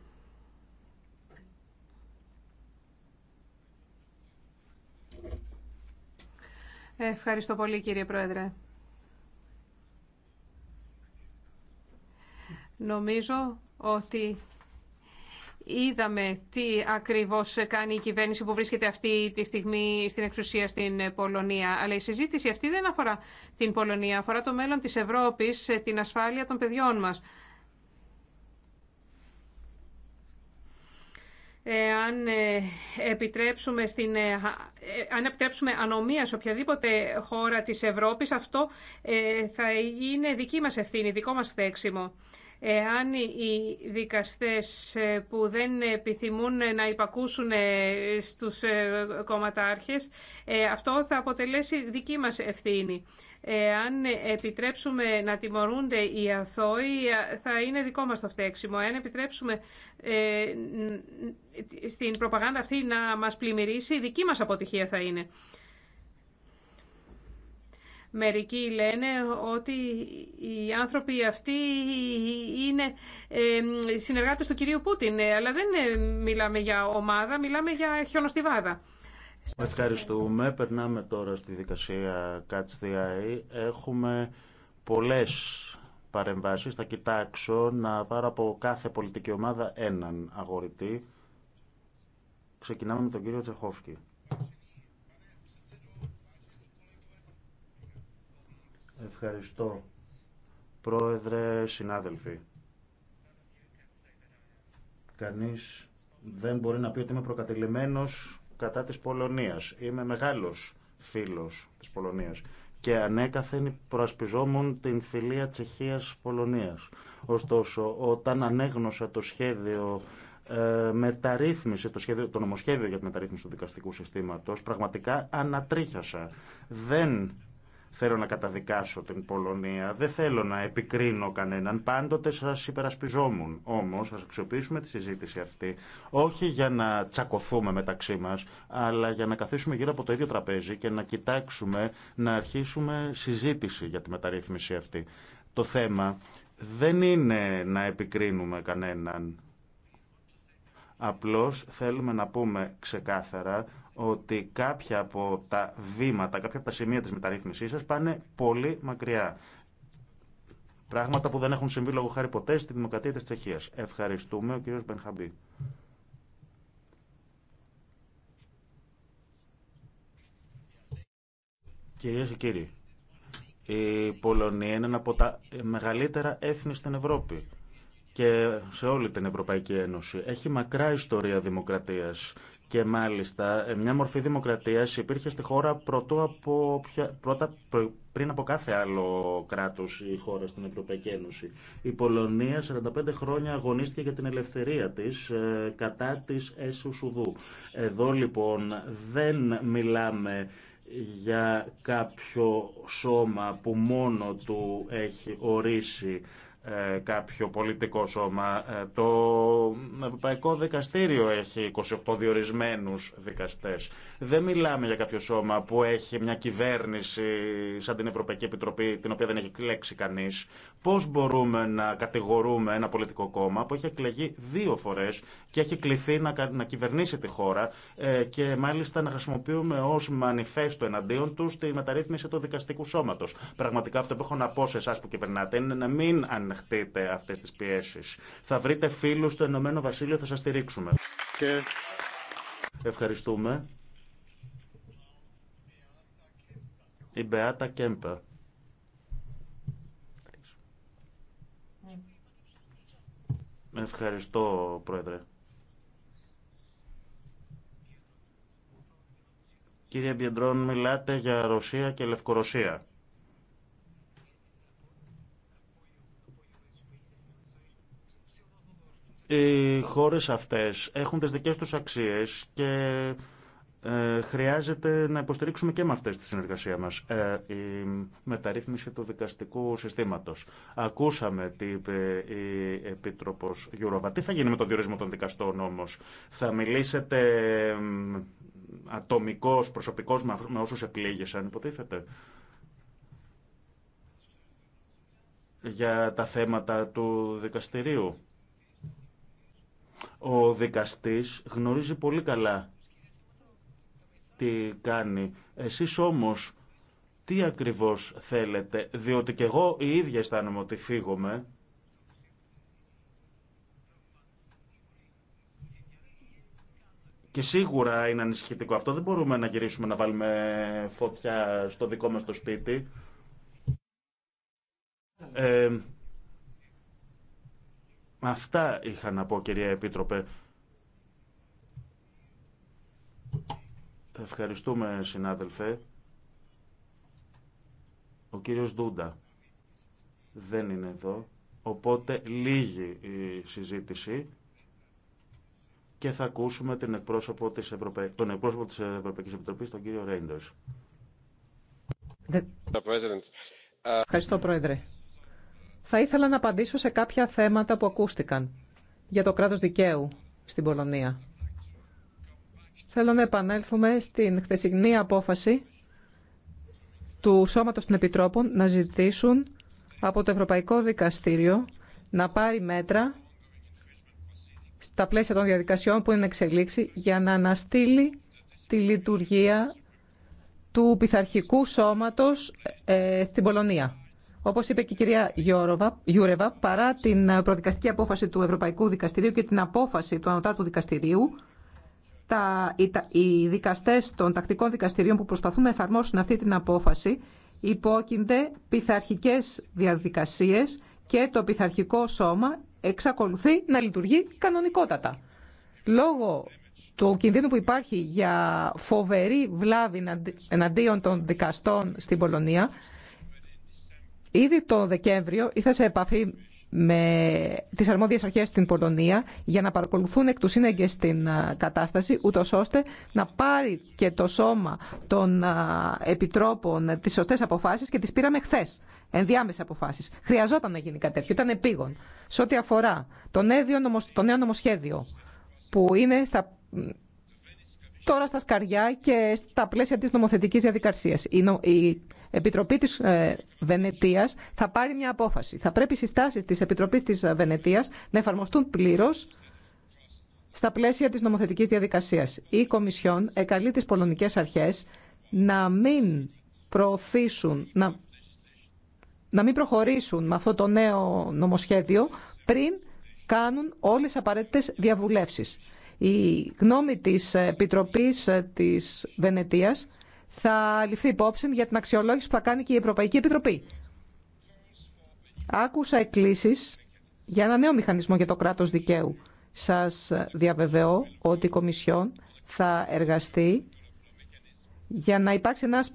S7: Ευχαριστώ πολύ, κύριε Πρόεδρε. Νομίζω ότι Είδαμε τι ακριβώς κάνει η κυβέρνηση που βρίσκεται αυτή τη στιγμή στην εξουσία στην Πολωνία. Αλλά η συζήτηση αυτή δεν αφορά την Πολωνία, αφορά το μέλλον τη Ευρώπης, την ασφάλεια των παιδιών μας. Ε, ε, ε, αν επιτρέψουμε, αν ανομία σε οποιαδήποτε χώρα της Ευρώπης, αυτό θα είναι δική μας ευθύνη, δικό μας θέξιμο. Εάν οι δικαστές ε, που δεν επιθυμούν να υπακούσουν ε, στους ε, κομματάρχες, αυτό θα αποτελέσει δική μας ευθύνη. Εάν επιτρέψουμε να τιμωρούνται οι αθώοι, θα είναι δικό μας το φταίξιμο. Εάν επιτρέψουμε στην προπαγάνδα αυτή να μας πλημμυρίσει, δική μας αποτυχία θα είναι. Μερικοί λένε ότι οι άνθρωποι αυτοί είναι ε, συνεργάτες του κυρίου Πούτιν, ε, αλλά δεν ε, μιλάμε για ομάδα, μιλάμε για χιονοστιβάδα.
S5: Ευχαριστούμε. Περνάμε τώρα στη δικασία Catch Έχουμε πολλές παρεμβάσεις. Θα κοιτάξω να πάρω από κάθε πολιτική ομάδα έναν αγορητή. Ξεκινάμε με τον κύριο Τσεχόφκη. Ευχαριστώ. Πρόεδρε, συνάδελφοι. Κανείς δεν μπορεί να πει ότι είμαι προκατελημένος κατά της Πολωνίας. Είμαι μεγάλος φίλος της Πολωνίας και ανέκαθεν προασπιζόμουν την φιλία Τσεχίας-Πολωνίας. Ωστόσο, όταν ανέγνωσα το σχέδιο ε, το, σχέδιο, το νομοσχέδιο για τη μεταρρύθμιση του δικαστικού συστήματος, πραγματικά ανατρίχιασα. Δεν θέλω να καταδικάσω την Πολωνία, δεν θέλω να επικρίνω κανέναν, πάντοτε σας υπερασπιζόμουν. Όμως, ας αξιοποιήσουμε τη συζήτηση αυτή, όχι για να τσακωθούμε μεταξύ μας, αλλά για να καθίσουμε γύρω από το ίδιο τραπέζι και να κοιτάξουμε να αρχίσουμε συζήτηση για τη μεταρρύθμιση αυτή. Το θέμα δεν είναι να επικρίνουμε κανέναν. Απλώς θέλουμε να πούμε ξεκάθαρα ότι κάποια από τα βήματα, κάποια από τα σημεία της μεταρρύθμισής σας πάνε πολύ μακριά. Πράγματα που δεν έχουν συμβεί λόγω χάρη ποτέ στη Δημοκρατία της Τσεχίας. Ευχαριστούμε ο κύριος Μπενχαμπή. Κυρίες και κύριοι, η Πολωνία είναι ένα από τα μεγαλύτερα έθνη στην Ευρώπη και σε όλη την Ευρωπαϊκή Ένωση. Έχει μακρά ιστορία δημοκρατίας και μάλιστα ε, μια μορφή δημοκρατίας υπήρχε στη χώρα πρωτού από πρώτα, πριν από κάθε άλλο κράτος ή χώρα στην Ευρωπαϊκή Ένωση. Η Πολωνία 45 χρόνια αγωνίστηκε για την ελευθερία της ε, κατά της έσου Εδώ λοιπόν δεν μιλάμε για κάποιο σώμα που μόνο του έχει ορίσει ε, κάποιο πολιτικό σώμα. Ε, το Ευρωπαϊκό Δικαστήριο έχει 28 διορισμένους δικαστές. Δεν μιλάμε για κάποιο σώμα που έχει μια κυβέρνηση σαν την Ευρωπαϊκή Επιτροπή την οποία δεν έχει κλέξει κανείς. Πώς μπορούμε να κατηγορούμε ένα πολιτικό κόμμα που έχει εκλεγεί δύο φορές και έχει κληθεί να κυβερνήσει τη χώρα ε, και μάλιστα να χρησιμοποιούμε ως μανιφέστο εναντίον του τη μεταρρύθμιση του δικαστικού σώματος. Πραγματικά αυτό που έχω να πω σε εσά που κυβερνάτε είναι να μην ανεχτείτε αυτέ τι πιέσει. Θα βρείτε φίλου στο Ηνωμένο Βασίλειο, θα σα στηρίξουμε. Και... Ευχαριστούμε. Η Μπεάτα Κέμπα. Ευχαριστώ, Πρόεδρε. Κύριε Μπιεντρών, μιλάτε για Ρωσία και Λευκορωσία. Οι χώρες αυτές έχουν τις δικές τους αξίες και ε, χρειάζεται να υποστηρίξουμε και με αυτέ τη συνεργασία μα ε, η μεταρρύθμιση του δικαστικού συστήματος. Ακούσαμε τι είπε η Επίτροπο Γιούροβα. Τι θα γίνει με το διορισμό των δικαστών όμως. θα μιλήσετε ατομικός, προσωπικός, με όσου αν υποτίθεται. για τα θέματα του δικαστηρίου. Ο δικαστής γνωρίζει πολύ καλά τι κάνει. Εσείς όμως τι ακριβώς θέλετε, διότι και εγώ η ίδια αισθάνομαι ότι φύγομαι. Και σίγουρα είναι ανησυχητικό αυτό. Δεν μπορούμε να γυρίσουμε να βάλουμε φωτιά στο δικό μας το σπίτι. Ε, Αυτά είχα να πω, κυρία Επίτροπε. Ευχαριστούμε, συνάδελφε. Ο κύριος Ντούντα δεν είναι εδώ, οπότε λίγη η συζήτηση και θα ακούσουμε την εκπρόσωπο της τον εκπρόσωπο της Ευρωπαϊκής Επιτροπής, τον κύριο Ρέιντερς. Ευχαριστώ,
S6: Πρόεδρε. Θα ήθελα να απαντήσω σε κάποια θέματα που ακούστηκαν για το κράτος δικαίου στην Πολωνία. Θέλω να επανέλθουμε στην χθεσινή απόφαση του Σώματος των Επιτρόπων να ζητήσουν από το Ευρωπαϊκό Δικαστήριο να πάρει μέτρα στα πλαίσια των διαδικασιών που είναι εξελίξει για να αναστείλει τη λειτουργία του πειθαρχικού σώματος ε, στην Πολωνία. Όπω είπε και η κυρία Γιούρεβα, παρά την ε, προδικαστική απόφαση του Ευρωπαϊκού Δικαστηρίου και την απόφαση του Ανωτάτου Δικαστηρίου, τα, οι, δικαστές των τακτικών δικαστηρίων που προσπαθούν να εφαρμόσουν αυτή την απόφαση υπόκεινται πειθαρχικέ διαδικασίε και το πειθαρχικό σώμα εξακολουθεί να λειτουργεί κανονικότατα. Λόγω του κινδύνου που υπάρχει για φοβερή βλάβη εναντίον των δικαστών στην Πολωνία, Ήδη το Δεκέμβριο ήρθα σε επαφή με τις αρμόδιες αρχές στην Πολωνία για να παρακολουθούν εκ του σύνεγγες την κατάσταση, ούτω ώστε να πάρει και το σώμα των επιτρόπων τι σωστέ αποφάσεις και τις πήραμε χθε. Ενδιάμεσε αποφάσεις. Χρειαζόταν να γίνει κάτι τέτοιο, ήταν επίγον. Σε ό,τι αφορά το νέο νομοσχέδιο που είναι στα τώρα στα σκαριά και στα πλαίσια της νομοθετικής διαδικασίας. Η Επιτροπή της ε, Βενετίας θα πάρει μια απόφαση. Θα πρέπει οι συστάσεις της Επιτροπής της ε, Βενετίας να εφαρμοστούν πλήρως στα πλαίσια της νομοθετικής διαδικασίας. Η Κομισιόν εκαλεί τις πολωνικές αρχές να μην προωθήσουν, να, να μην προχωρήσουν με αυτό το νέο νομοσχέδιο πριν κάνουν όλες τις απαραίτητες διαβουλεύσεις. Η γνώμη της Επιτροπής ε, της Βενετίας θα ληφθεί υπόψη για την αξιολόγηση που θα κάνει και η Ευρωπαϊκή Επιτροπή. Άκουσα εκκλήσει για ένα νέο μηχανισμό για το κράτο δικαίου. Σας διαβεβαιώ ότι η Κομισιόν θα εργαστεί για να υπάρξει ένας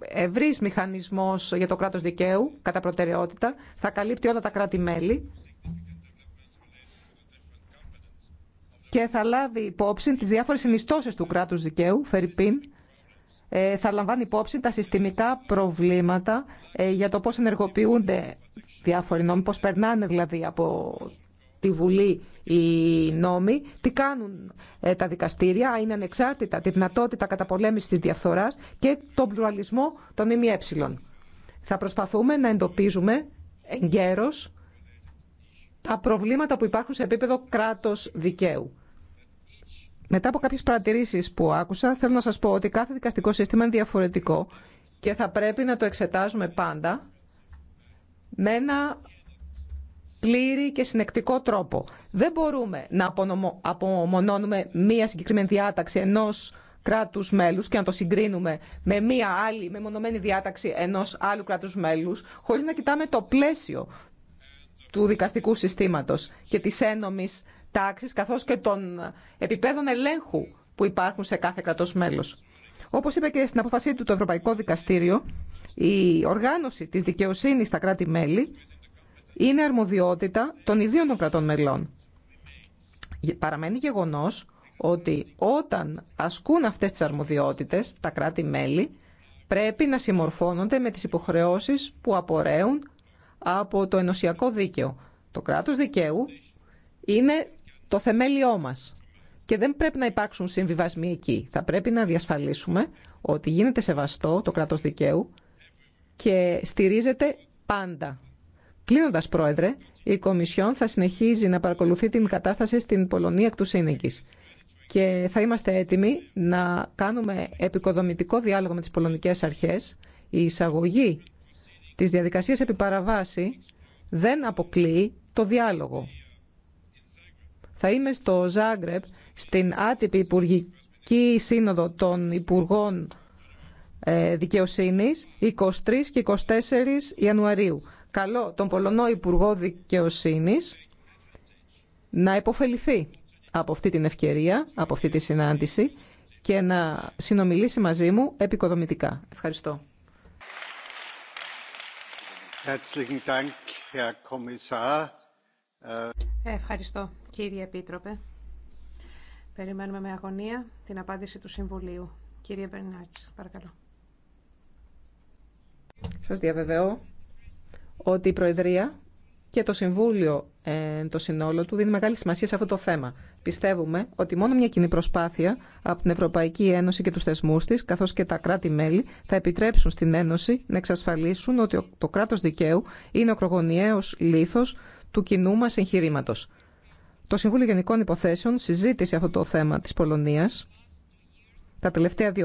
S6: ευρύς μηχανισμός για το κράτο δικαίου, κατά προτεραιότητα, θα καλύπτει όλα τα κράτη-μέλη και θα λάβει υπόψη τις διάφορες συνιστώσεις του κράτους δικαίου, Φερρυπίν, ε, θα λαμβάνει υπόψη τα συστημικά προβλήματα ε, για το πώς ενεργοποιούνται διάφοροι νόμοι, πώς περνάνε δηλαδή από τη Βουλή οι νόμοι, τι κάνουν ε, τα δικαστήρια, είναι ανεξάρτητα τη δυνατότητα καταπολέμησης της διαφθοράς και τον πλουραλισμό των ΜΜΕ. Θα προσπαθούμε να εντοπίζουμε εγκαίρως τα προβλήματα που υπάρχουν σε επίπεδο κράτος δικαίου. Μετά από κάποιες παρατηρήσεις που άκουσα, θέλω να σας πω ότι κάθε δικαστικό σύστημα είναι διαφορετικό και θα πρέπει να το εξετάζουμε πάντα με ένα πλήρη και συνεκτικό τρόπο. Δεν μπορούμε να απομονώνουμε μία συγκεκριμένη διάταξη ενός κράτους μέλους και να το συγκρίνουμε με μία άλλη μεμονωμένη διάταξη ενός άλλου κράτους μέλους, χωρίς να κοιτάμε το πλαίσιο του δικαστικού συστήματος και της ένομης τάξης καθώς και των επιπέδων ελέγχου που υπάρχουν σε κάθε κρατός μέλος. Όπως είπε και στην αποφασή του το Ευρωπαϊκό Δικαστήριο, η οργάνωση της δικαιοσύνης στα κράτη-μέλη είναι αρμοδιότητα των ιδίων των κρατών μελών. Παραμένει γεγονός ότι όταν ασκούν αυτές τις αρμοδιότητες τα κράτη-μέλη, πρέπει να συμμορφώνονται με τις υποχρεώσεις που απορρέουν από το ενωσιακό δίκαιο. Το κράτος δικαίου είναι το θεμέλιό μας. Και δεν πρέπει να υπάρξουν συμβιβασμοί εκεί. Θα πρέπει να διασφαλίσουμε ότι γίνεται σεβαστό το κράτος δικαίου και στηρίζεται πάντα. Κλείνοντα, Πρόεδρε, η Κομισιόν θα συνεχίζει να παρακολουθεί την κατάσταση στην Πολωνία εκ του Σύνεγγυ. Και θα είμαστε έτοιμοι να κάνουμε επικοδομητικό διάλογο με τι πολωνικέ αρχέ. Η εισαγωγή τη διαδικασία επιπαραβάση δεν αποκλείει το διάλογο θα είμαι στο Ζάγκρεπ, στην άτυπη Υπουργική Σύνοδο των Υπουργών ε, Δικαιοσύνης, 23 και 24 Ιανουαρίου. Καλό τον Πολωνό Υπουργό Δικαιοσύνης να υποφεληθεί από αυτή την ευκαιρία, από αυτή τη συνάντηση και να συνομιλήσει μαζί μου επικοδομητικά. Ευχαριστώ.
S7: Ε, ευχαριστώ. Κύριε Επίτροπε, περιμένουμε με αγωνία την απάντηση του Συμβουλίου. Κύριε Μπερνάκης, παρακαλώ.
S6: Σας διαβεβαιώ ότι η Προεδρία και το Συμβούλιο ε, το συνόλο του δίνει μεγάλη σημασία σε αυτό το θέμα. Πιστεύουμε ότι μόνο μια κοινή προσπάθεια από την Ευρωπαϊκή Ένωση και τους θεσμούς της, καθώς και τα κράτη-μέλη, θα επιτρέψουν στην Ένωση να εξασφαλίσουν ότι το κράτος δικαίου είναι ο κρογωνιαίος λήθος του κοινού μας εγχειρήματο. Το Συμβούλιο Γενικών Υποθέσεων συζήτησε αυτό το θέμα της Πολωνίας τα τελευταία δύο